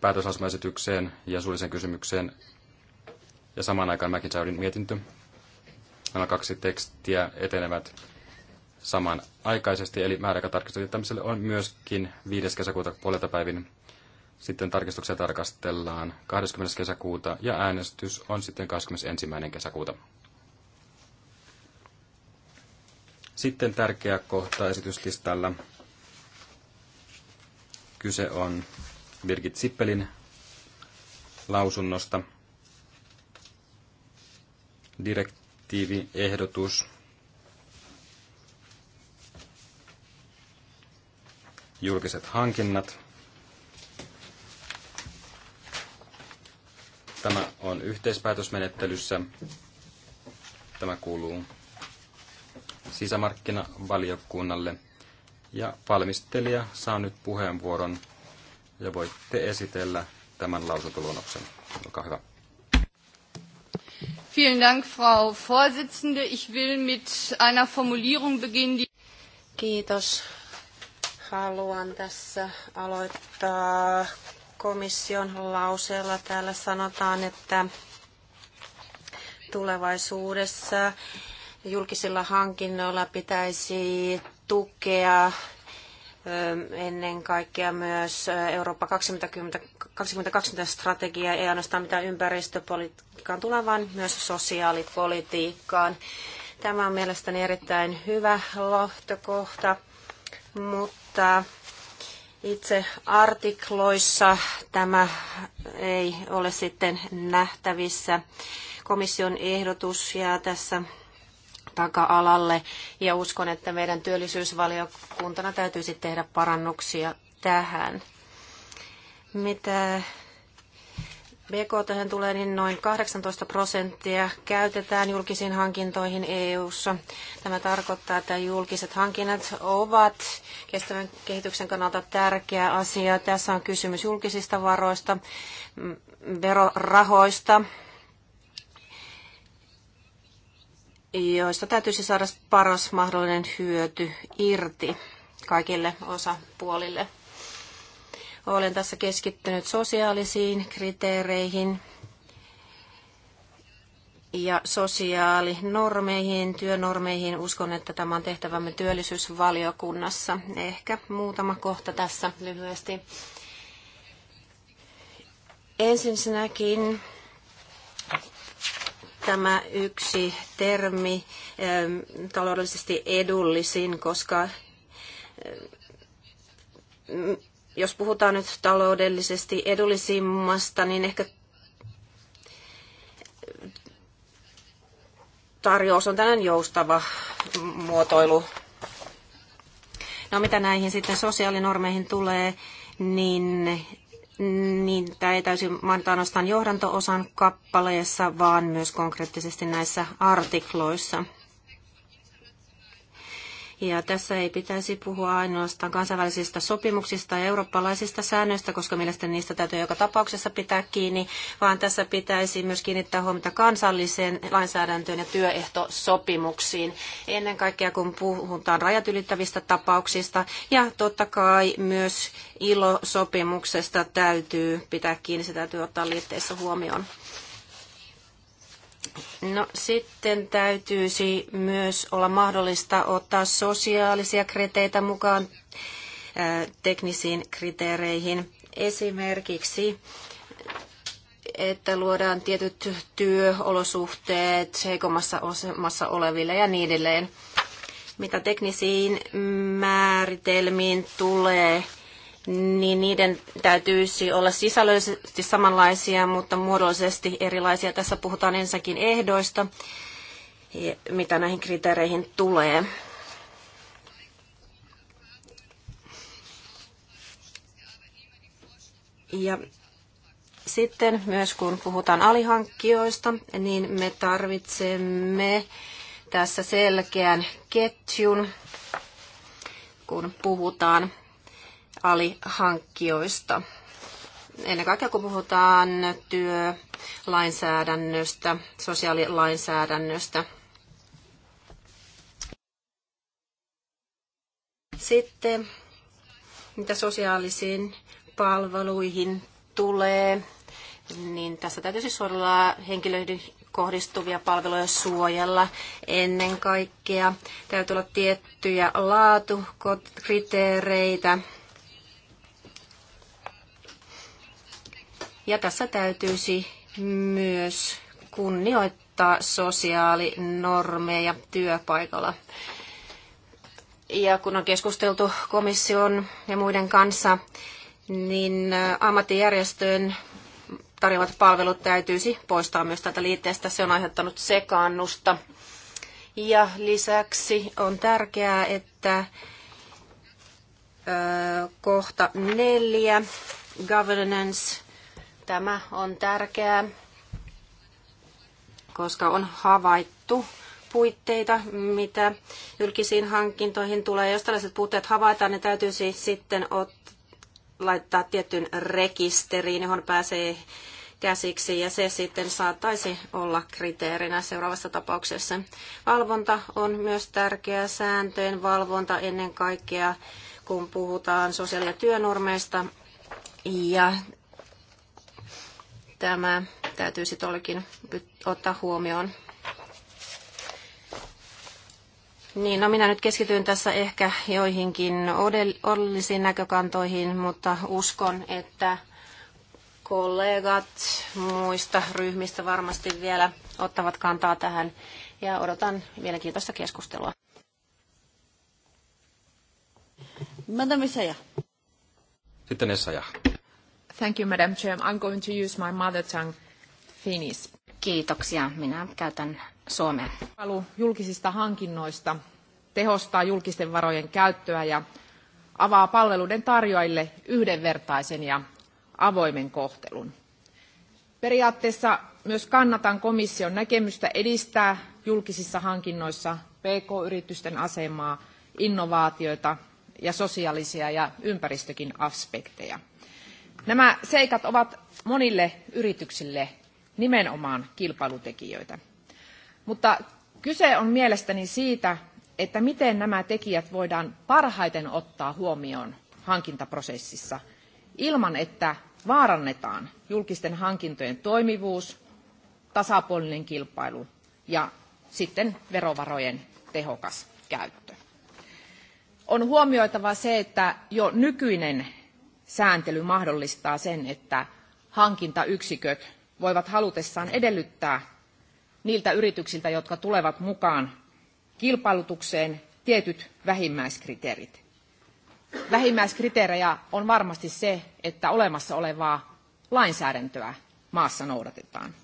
päätösasmaesitykseen ja suulliseen kysymykseen ja samaan aikaan McIntyren mietintö. Nämä kaksi tekstiä etenevät samanaikaisesti, eli määräaikatarkistettamiselle on myöskin 5. kesäkuuta puolelta päivin sitten tarkistuksia tarkastellaan 20. kesäkuuta ja äänestys on sitten 21. kesäkuuta. Sitten tärkeä kohta esityslistalla. Kyse on Birgit Sippelin lausunnosta. Direktiiviehdotus julkiset hankinnat – Tämä on yhteispäätösmenettelyssä. Tämä kuuluu sisämarkkinavaliokunnalle. Ja valmistelija saa nyt puheenvuoron ja voitte esitellä tämän lausuntoluonnoksen. Olkaa hyvä. Vielen Dank, Frau Vorsitzende. Ich will mit einer Formulierung beginnen, die... Kiitos. Haluan tässä aloittaa komission lauseella täällä sanotaan, että tulevaisuudessa julkisilla hankinnoilla pitäisi tukea ennen kaikkea myös Eurooppa 2020, 2020 strategia, ei ainoastaan mitään ympäristöpolitiikkaan tulee, vaan myös sosiaalipolitiikkaan. Tämä on mielestäni erittäin hyvä lähtökohta, mutta itse artikloissa tämä ei ole sitten nähtävissä. Komission ehdotus jää tässä taka-alalle ja uskon, että meidän työllisyysvaliokuntana täytyisi tehdä parannuksia tähän. Mitä BKT tulee, niin noin 18 prosenttia käytetään julkisiin hankintoihin EU:ssa. Tämä tarkoittaa, että julkiset hankinnat ovat kestävän kehityksen kannalta tärkeä asia. Tässä on kysymys julkisista varoista, mm, verorahoista, joista täytyisi saada paras mahdollinen hyöty irti kaikille osapuolille. Olen tässä keskittynyt sosiaalisiin kriteereihin ja sosiaalinormeihin, työnormeihin. Uskon, että tämä on tehtävämme työllisyysvaliokunnassa. Ehkä muutama kohta tässä lyhyesti. Ensinnäkin tämä yksi termi ähm, taloudellisesti edullisin, koska ähm, jos puhutaan nyt taloudellisesti edullisimmasta, niin ehkä tarjous on tällainen joustava muotoilu. No mitä näihin sitten sosiaalinormeihin tulee, niin, niin tämä ei täysin mainita ainoastaan johdanto-osan kappaleessa, vaan myös konkreettisesti näissä artikloissa – ja tässä ei pitäisi puhua ainoastaan kansainvälisistä sopimuksista ja eurooppalaisista säännöistä, koska mielestäni niistä täytyy joka tapauksessa pitää kiinni, vaan tässä pitäisi myös kiinnittää huomiota kansalliseen lainsäädäntöön ja työehtosopimuksiin. Ennen kaikkea kun puhutaan rajat ylittävistä tapauksista ja totta kai myös ILO-sopimuksesta täytyy pitää kiinni, se täytyy ottaa liitteissä huomioon. No sitten täytyisi myös olla mahdollista ottaa sosiaalisia kriteitä mukaan teknisiin kriteereihin. Esimerkiksi, että luodaan tietyt työolosuhteet heikommassa osassa oleville ja niin edelleen. Mitä teknisiin määritelmiin tulee, niin niiden täytyisi olla sisällöllisesti samanlaisia, mutta muodollisesti erilaisia. Tässä puhutaan ensinnäkin ehdoista, mitä näihin kriteereihin tulee. Ja sitten myös kun puhutaan alihankkijoista, niin me tarvitsemme tässä selkeän ketjun, kun puhutaan alihankkijoista. Ennen kaikkea kun puhutaan työlainsäädännöstä, sosiaalilainsäädännöstä. Sitten mitä sosiaalisiin palveluihin tulee, niin tässä siis olla henkilöiden kohdistuvia palveluja suojella ennen kaikkea. Täytyy olla tiettyjä laatukriteereitä Ja tässä täytyisi myös kunnioittaa sosiaalinormeja työpaikalla. Ja kun on keskusteltu komission ja muiden kanssa, niin äh, ammattijärjestöjen tarjoamat palvelut täytyisi poistaa myös tätä liitteestä. Se on aiheuttanut sekaannusta. Ja lisäksi on tärkeää, että äh, kohta neljä, governance, Tämä on tärkeää, koska on havaittu puitteita, mitä julkisiin hankintoihin tulee. Jos tällaiset puutteet havaitaan, ne niin täytyisi sitten ot- laittaa tiettyyn rekisteriin, johon pääsee käsiksi, ja se sitten saattaisi olla kriteerinä seuraavassa tapauksessa. Valvonta on myös tärkeä sääntöjen valvonta ennen kaikkea, kun puhutaan sosiaali- ja työnormeista, ja tämä täytyisi olikin ottaa huomioon. Niin, no minä nyt keskityn tässä ehkä joihinkin odellisiin näkökantoihin, mutta uskon, että kollegat muista ryhmistä varmasti vielä ottavat kantaa tähän ja odotan mielenkiintoista keskustelua. Madame Esaja. Sitten Esaja. Thank you, Madam Chair. I'm going to use my mother tongue, Finnish. Kiitoksia. Minä käytän suomea. Palu julkisista hankinnoista tehostaa julkisten varojen käyttöä ja avaa palveluiden tarjoajille yhdenvertaisen ja avoimen kohtelun. Periaatteessa myös kannatan komission näkemystä edistää julkisissa hankinnoissa PK-yritysten asemaa, innovaatioita ja sosiaalisia ja ympäristökin aspekteja. Nämä seikat ovat monille yrityksille nimenomaan kilpailutekijöitä. Mutta kyse on mielestäni siitä, että miten nämä tekijät voidaan parhaiten ottaa huomioon hankintaprosessissa ilman, että vaarannetaan julkisten hankintojen toimivuus, tasapuolinen kilpailu ja sitten verovarojen tehokas käyttö. On huomioitava se, että jo nykyinen sääntely mahdollistaa sen, että hankintayksiköt voivat halutessaan edellyttää niiltä yrityksiltä, jotka tulevat mukaan kilpailutukseen, tietyt vähimmäiskriteerit. Vähimmäiskriteerejä on varmasti se, että olemassa olevaa lainsäädäntöä maassa noudatetaan.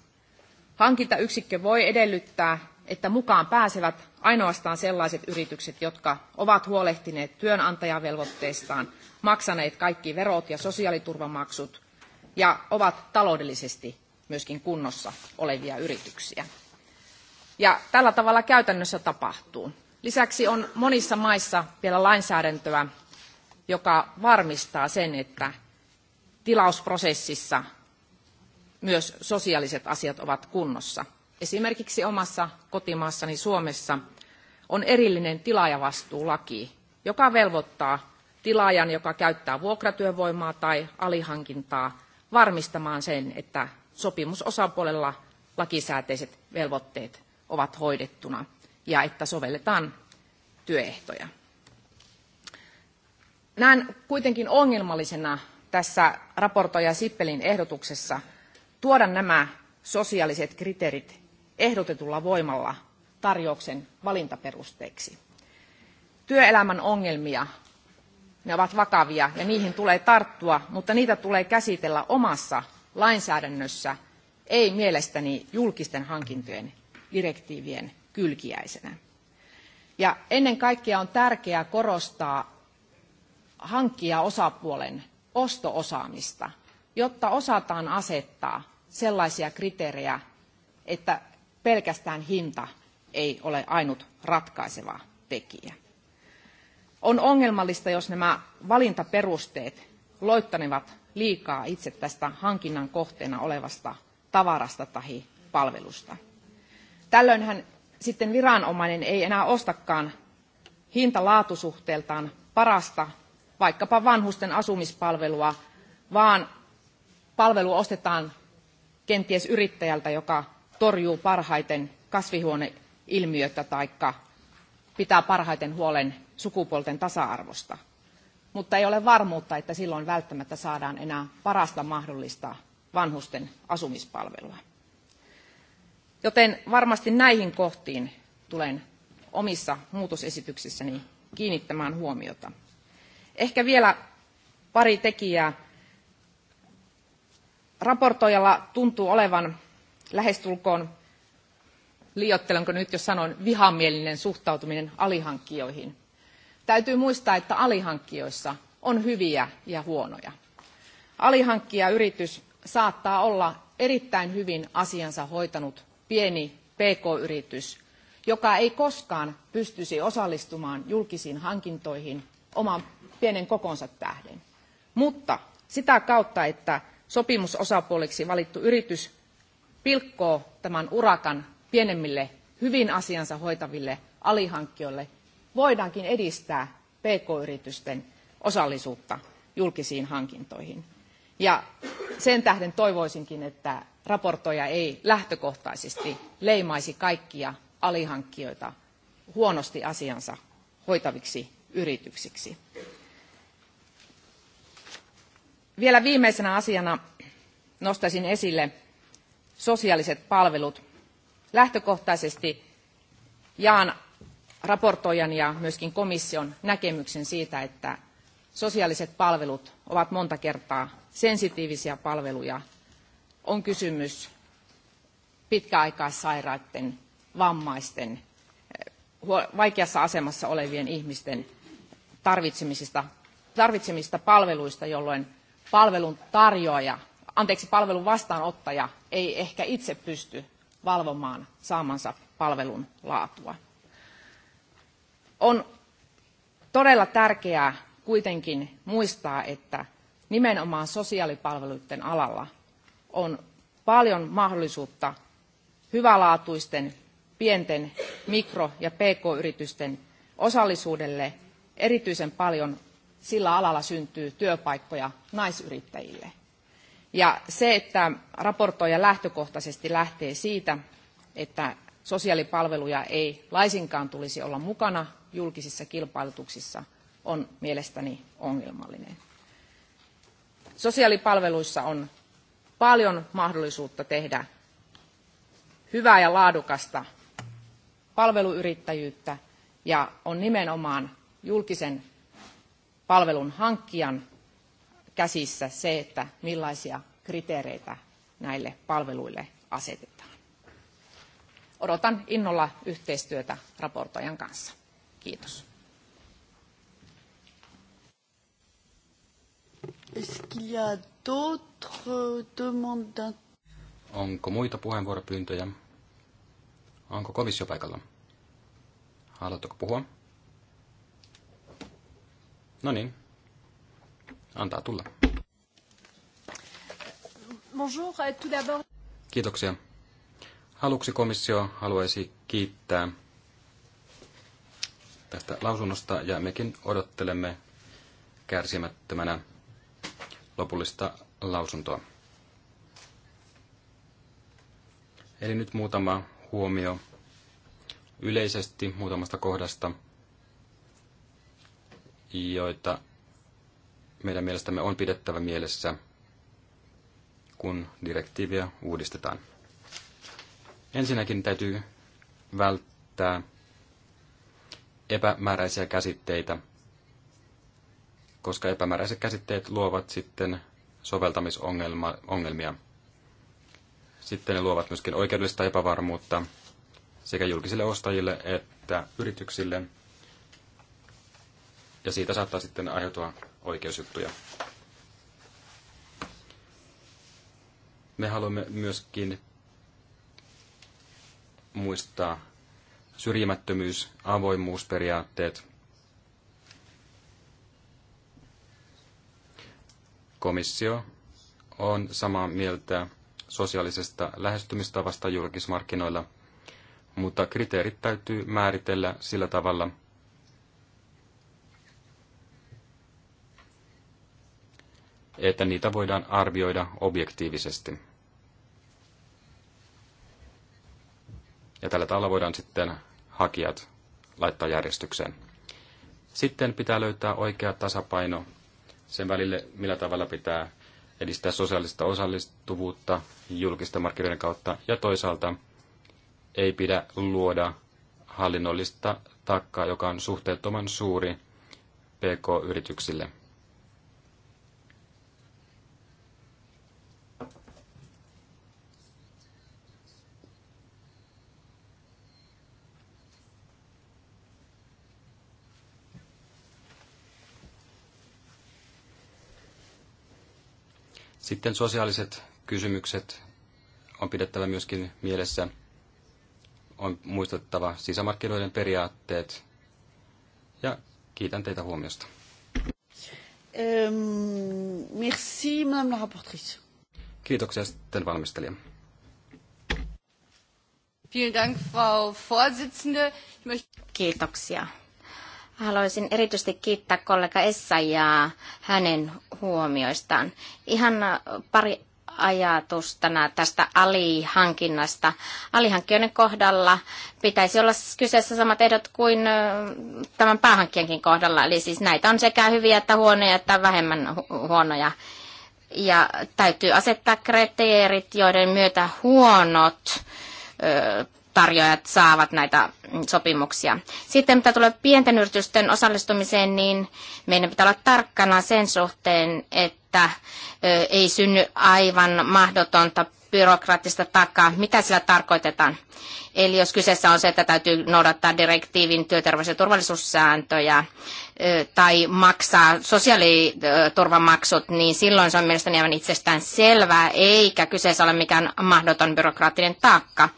Hankintayksikkö voi edellyttää, että mukaan pääsevät ainoastaan sellaiset yritykset, jotka ovat huolehtineet työnantajavelvoitteistaan, maksaneet kaikki verot ja sosiaaliturvamaksut ja ovat taloudellisesti myöskin kunnossa olevia yrityksiä. Ja tällä tavalla käytännössä tapahtuu. Lisäksi on monissa maissa vielä lainsäädäntöä, joka varmistaa sen, että tilausprosessissa myös sosiaaliset asiat ovat kunnossa. Esimerkiksi omassa kotimaassani Suomessa on erillinen tilaajavastuulaki, joka velvoittaa tilaajan, joka käyttää vuokratyövoimaa tai alihankintaa, varmistamaan sen, että sopimusosapuolella lakisääteiset velvoitteet ovat hoidettuna ja että sovelletaan työehtoja. Näen kuitenkin ongelmallisena tässä raportoija Sippelin ehdotuksessa tuoda nämä sosiaaliset kriteerit ehdotetulla voimalla tarjouksen valintaperusteiksi. Työelämän ongelmia, ne ovat vakavia ja niihin tulee tarttua, mutta niitä tulee käsitellä omassa lainsäädännössä, ei mielestäni julkisten hankintojen direktiivien kylkiäisenä. Ja ennen kaikkea on tärkeää korostaa hankkia osapuolen ostoosaamista, jotta osataan asettaa sellaisia kriteerejä, että pelkästään hinta ei ole ainut ratkaiseva tekijä. On ongelmallista, jos nämä valintaperusteet loittanevat liikaa itse tästä hankinnan kohteena olevasta tavarasta tai palvelusta. Tällöinhän sitten viranomainen ei enää ostakaan hinta-laatusuhteeltaan parasta vaikkapa vanhusten asumispalvelua, vaan palvelu ostetaan kenties yrittäjältä, joka torjuu parhaiten kasvihuone- ilmiötä tai pitää parhaiten huolen sukupuolten tasa-arvosta. Mutta ei ole varmuutta, että silloin välttämättä saadaan enää parasta mahdollista vanhusten asumispalvelua. Joten varmasti näihin kohtiin tulen omissa muutosesityksissäni kiinnittämään huomiota. Ehkä vielä pari tekijää. Raportoijalla tuntuu olevan lähestulkoon liiottelenko nyt, jos sanon vihamielinen suhtautuminen alihankkijoihin. Täytyy muistaa, että alihankkijoissa on hyviä ja huonoja. Alihankkijayritys saattaa olla erittäin hyvin asiansa hoitanut pieni PK-yritys, joka ei koskaan pystyisi osallistumaan julkisiin hankintoihin oman pienen kokonsa tähden. Mutta sitä kautta, että sopimusosapuoleksi valittu yritys pilkkoo tämän urakan pienemmille, hyvin asiansa hoitaville alihankkijoille voidaankin edistää pk-yritysten osallisuutta julkisiin hankintoihin. Ja sen tähden toivoisinkin, että raportoja ei lähtökohtaisesti leimaisi kaikkia alihankkijoita huonosti asiansa hoitaviksi yrityksiksi. Vielä viimeisenä asiana nostaisin esille sosiaaliset palvelut lähtökohtaisesti jaan raportoijan ja myöskin komission näkemyksen siitä, että sosiaaliset palvelut ovat monta kertaa sensitiivisiä palveluja. On kysymys pitkäaikaissairaiden, vammaisten, eh, vaikeassa asemassa olevien ihmisten tarvitsemisista, tarvitsemista palveluista, jolloin palvelun tarjoaja, anteeksi, palvelun vastaanottaja ei ehkä itse pysty valvomaan saamansa palvelun laatua. On todella tärkeää kuitenkin muistaa, että nimenomaan sosiaalipalveluiden alalla on paljon mahdollisuutta hyvälaatuisten pienten mikro- ja pk-yritysten osallisuudelle. Erityisen paljon sillä alalla syntyy työpaikkoja naisyrittäjille. Ja se, että raportoija lähtökohtaisesti lähtee siitä, että sosiaalipalveluja ei laisinkaan tulisi olla mukana julkisissa kilpailutuksissa, on mielestäni ongelmallinen. Sosiaalipalveluissa on paljon mahdollisuutta tehdä hyvää ja laadukasta palveluyrittäjyyttä ja on nimenomaan julkisen palvelun hankkijan käsissä se, että millaisia kriteereitä näille palveluille asetetaan. Odotan innolla yhteistyötä raportoijan kanssa. Kiitos. Onko muita puheenvuoropyyntöjä? Onko komissio paikalla? Haluatteko puhua? No niin, Antaa tulla. Bonjour, euh, tout d'abord. Kiitoksia. Aluksi komissio haluaisi kiittää tästä lausunnosta ja mekin odottelemme kärsimättömänä lopullista lausuntoa. Eli nyt muutama huomio yleisesti muutamasta kohdasta, joita meidän mielestämme on pidettävä mielessä, kun direktiiviä uudistetaan. Ensinnäkin täytyy välttää epämääräisiä käsitteitä, koska epämääräiset käsitteet luovat sitten soveltamisongelmia. Sitten ne luovat myöskin oikeudellista epävarmuutta sekä julkisille ostajille että yrityksille. Ja siitä saattaa sitten aiheutua oikeusjuttuja. Me haluamme myöskin muistaa syrjimättömyys, avoimuusperiaatteet. Komissio on samaa mieltä sosiaalisesta lähestymistavasta julkismarkkinoilla, mutta kriteerit täytyy määritellä sillä tavalla, että niitä voidaan arvioida objektiivisesti. Ja tällä tavalla voidaan sitten hakijat laittaa järjestykseen. Sitten pitää löytää oikea tasapaino sen välille, millä tavalla pitää edistää sosiaalista osallistuvuutta julkisten markkinoiden kautta ja toisaalta ei pidä luoda hallinnollista takkaa, joka on suhteettoman suuri PK-yrityksille. Sitten sosiaaliset kysymykset on pidettävä myöskin mielessä. On muistettava sisämarkkinoiden periaatteet. Ja kiitän teitä huomiosta. Ähm, merci, madame la rapportrice. Kiitoksia sitten valmistelija. Vielen Dank, Frau Vorsitzende. Kiitoksia Haluaisin erityisesti kiittää kollega Essayaa hänen huomioistaan. Ihan pari ajatustana tästä alihankinnasta. Alihankkijoiden kohdalla pitäisi olla siis kyseessä samat ehdot kuin tämän päähankkijankin kohdalla. Eli siis näitä on sekä hyviä että huonoja että vähemmän huonoja. Ja täytyy asettaa kriteerit, joiden myötä huonot tarjoajat saavat näitä mm, sopimuksia. Sitten mitä tulee pienten yritysten osallistumiseen, niin meidän pitää olla tarkkana sen suhteen, että ei synny aivan mahdotonta byrokraattista takaa. Mitä sillä tarkoitetaan? Eli jos kyseessä on se, että täytyy noudattaa direktiivin työterveys- ja turvallisuussääntöjä tai maksaa sosiaaliturvamaksut, niin silloin se on mielestäni aivan itsestään selvää, eikä kyseessä ole mikään mahdoton byrokraattinen taakka.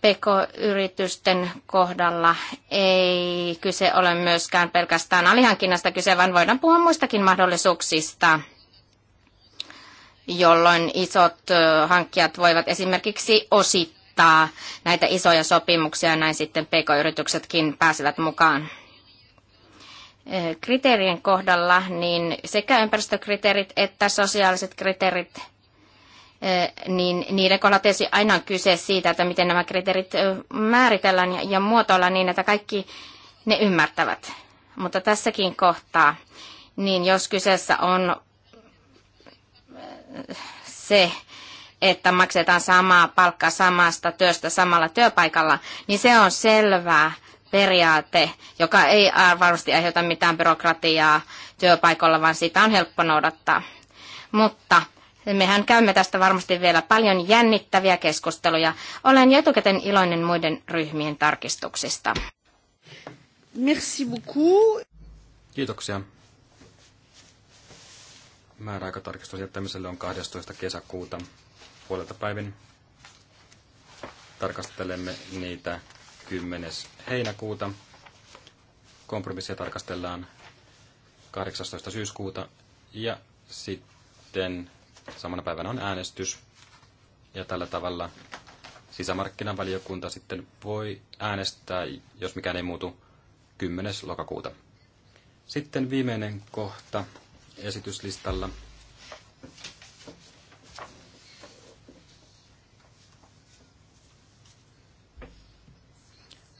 PK-yritysten kohdalla ei kyse ole myöskään pelkästään alihankinnasta kyse, vaan voidaan puhua muistakin mahdollisuuksista, jolloin isot hankkijat voivat esimerkiksi osittaa näitä isoja sopimuksia ja näin sitten PK-yrityksetkin pääsevät mukaan kriteerien kohdalla, niin sekä ympäristökriteerit että sosiaaliset kriteerit niin niiden kohdalla tietysti aina on kyse siitä, että miten nämä kriteerit määritellään ja muotoillaan niin, että kaikki ne ymmärtävät. Mutta tässäkin kohtaa, niin jos kyseessä on se, että maksetaan samaa palkkaa samasta työstä samalla työpaikalla, niin se on selvää periaate, joka ei varmasti aiheuta mitään byrokratiaa työpaikalla, vaan sitä on helppo noudattaa. Mutta Mehän käymme tästä varmasti vielä paljon jännittäviä keskusteluja. Olen etukäteen iloinen muiden ryhmien tarkistuksista. Merci beaucoup. Kiitoksia. Määräaikatarkistus jättämiselle on 12. kesäkuuta puolelta päivin. Tarkastelemme niitä 10. heinäkuuta. Kompromissia tarkastellaan 18. syyskuuta ja sitten Samana päivänä on äänestys ja tällä tavalla sisämarkkinavaliokunta sitten voi äänestää, jos mikään ei muutu, 10. lokakuuta. Sitten viimeinen kohta esityslistalla.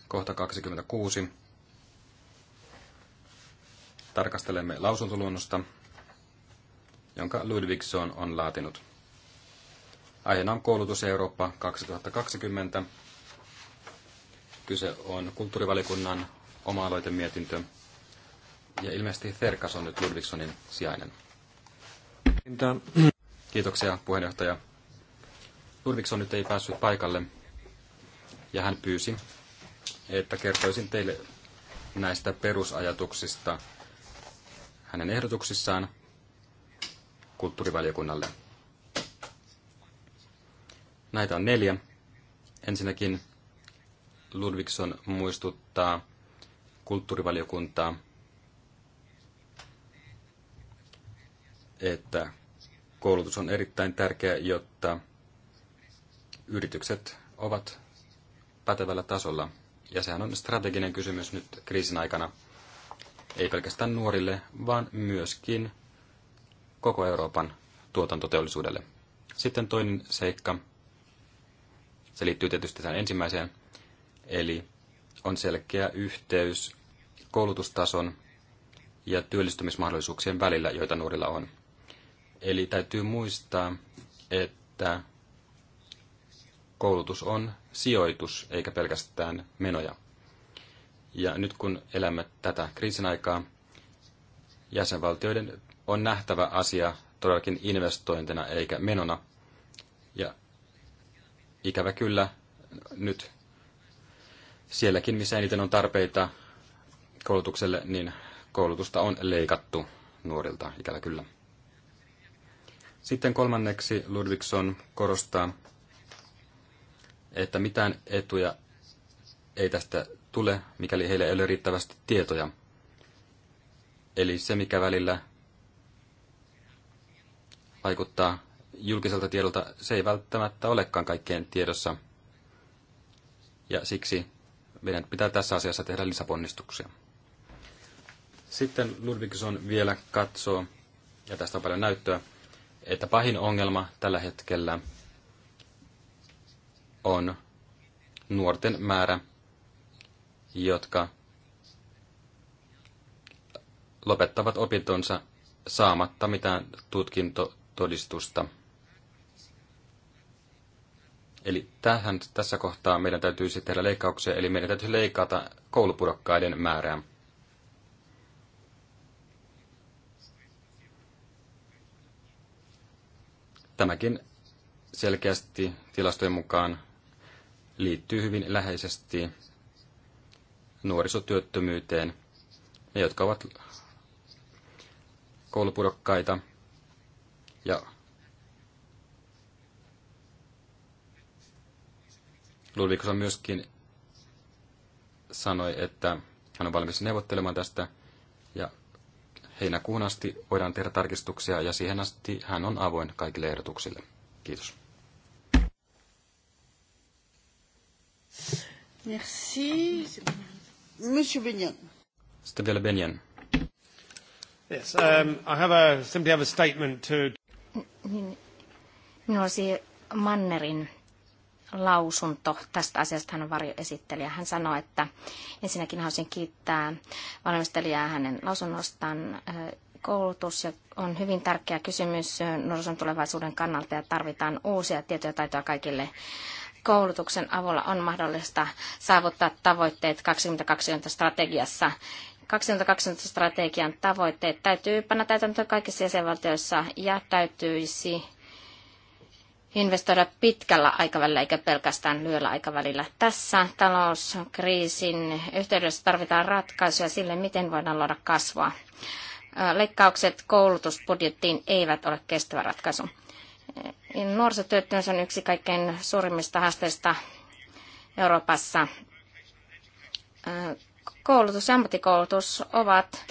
Kohta 26. Tarkastelemme lausuntoluonnosta, jonka Ludvigson on laatinut. Aiheena on koulutus Eurooppa 2020. Kyse on kulttuurivalikunnan oma-aloitemietintö. Ja ilmeisesti Therkas on nyt Ludvigsonin sijainen. Kiitoksia puheenjohtaja. Ludvigson nyt ei päässyt paikalle ja hän pyysi, että kertoisin teille näistä perusajatuksista hänen ehdotuksissaan kulttuurivaliokunnalle. Näitä on neljä. Ensinnäkin Ludvigson muistuttaa kulttuurivaliokuntaa, että koulutus on erittäin tärkeä, jotta yritykset ovat pätevällä tasolla. Ja sehän on strateginen kysymys nyt kriisin aikana, ei pelkästään nuorille, vaan myöskin koko Euroopan tuotantoteollisuudelle. Sitten toinen seikka, se liittyy tietysti tähän ensimmäiseen, eli on selkeä yhteys koulutustason ja työllistymismahdollisuuksien välillä, joita nuorilla on. Eli täytyy muistaa, että koulutus on sijoitus eikä pelkästään menoja. Ja nyt kun elämme tätä kriisin aikaa, jäsenvaltioiden on nähtävä asia todellakin investointina eikä menona. Ja ikävä kyllä nyt sielläkin, missä eniten on tarpeita koulutukselle, niin koulutusta on leikattu nuorilta, ikävä kyllä. Sitten kolmanneksi Ludvigson korostaa, että mitään etuja ei tästä tule, mikäli heillä ei ole riittävästi tietoja. Eli se, mikä välillä vaikuttaa julkiselta tiedolta, se ei välttämättä olekaan kaikkien tiedossa. Ja siksi meidän pitää tässä asiassa tehdä lisäponnistuksia. Sitten Ludvigson vielä katsoo, ja tästä on paljon näyttöä, että pahin ongelma tällä hetkellä on nuorten määrä, jotka lopettavat opintonsa saamatta mitään tutkinto- todistusta. Eli tähän, tässä kohtaa meidän täytyy sitten tehdä leikkauksia, eli meidän täytyy leikata koulupudokkaiden määrää. Tämäkin selkeästi tilastojen mukaan liittyy hyvin läheisesti nuorisotyöttömyyteen. Ne, jotka ovat koulupudokkaita, ja Ludvigson myöskin sanoi, että hän on valmis neuvottelemaan tästä ja heinäkuun asti voidaan tehdä tarkistuksia ja siihen asti hän on avoin kaikille ehdotuksille. Kiitos. Merci. Monsieur Benyan. Sitten vielä Benyan. Yes, um, I have a, simply have a statement to, niin minulla olisi Mannerin lausunto tästä asiasta. Hän on varjoesittelijä. Hän sanoi, että ensinnäkin haluaisin kiittää valmistelijaa hänen lausunnostaan. Koulutus ja on hyvin tärkeä kysymys nuorison tulevaisuuden kannalta ja tarvitaan uusia tietoja ja taitoja kaikille koulutuksen avulla on mahdollista saavuttaa tavoitteet 2020 strategiassa 2020 strategian tavoitteet täytyy panna täytäntöön kaikissa jäsenvaltioissa ja täytyisi investoida pitkällä aikavälillä eikä pelkästään lyhyellä aikavälillä. Tässä talouskriisin yhteydessä tarvitaan ratkaisuja sille, miten voidaan luoda kasvua. Leikkaukset koulutusbudjettiin eivät ole kestävä ratkaisu. Nuorisotyöttömyys on yksi kaikkein suurimmista haasteista Euroopassa koulutus ja ammattikoulutus ovat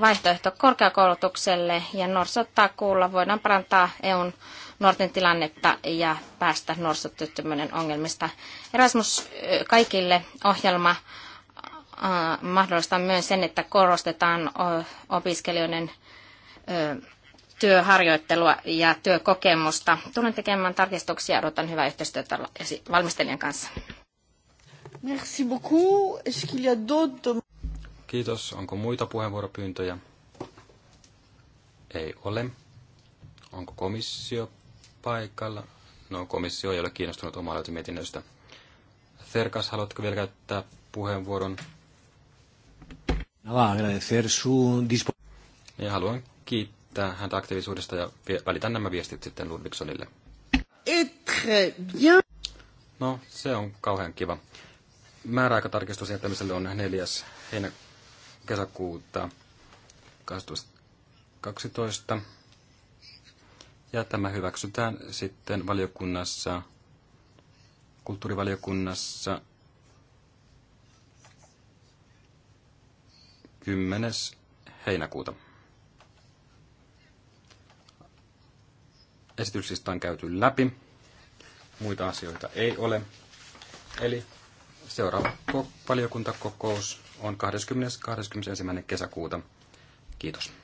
vaihtoehto korkeakoulutukselle ja nuorisotakuulla voidaan parantaa EUn nuorten tilannetta ja päästä nuorisotyöttömyyden ongelmista. Erasmus kaikille ohjelma mahdollistaa myös sen, että korostetaan opiskelijoiden työharjoittelua ja työkokemusta. Tulen tekemään tarkistuksia ja odotan hyvää yhteistyötä valmistelijan kanssa. Merci beaucoup. Est-ce qu'il y a d'autres... Kiitos. Onko muita puheenvuoropyyntöjä? Ei ole. Onko komissio paikalla? No, komissio ei ole kiinnostunut omaa mietinnöstä. Serkas, haluatko vielä käyttää puheenvuoron? Ja haluan kiittää häntä aktiivisuudesta ja välitän nämä viestit sitten Ludvigsonille. No, se on kauhean kiva määräaikatarkistus jättämiselle on 4. heinä kesäkuuta 2012. Ja tämä hyväksytään sitten valiokunnassa, kulttuurivaliokunnassa 10. heinäkuuta. Esityksistä on käyty läpi. Muita asioita ei ole. Eli Seuraava valiokuntakokous on 20.21. kesäkuuta. Kiitos.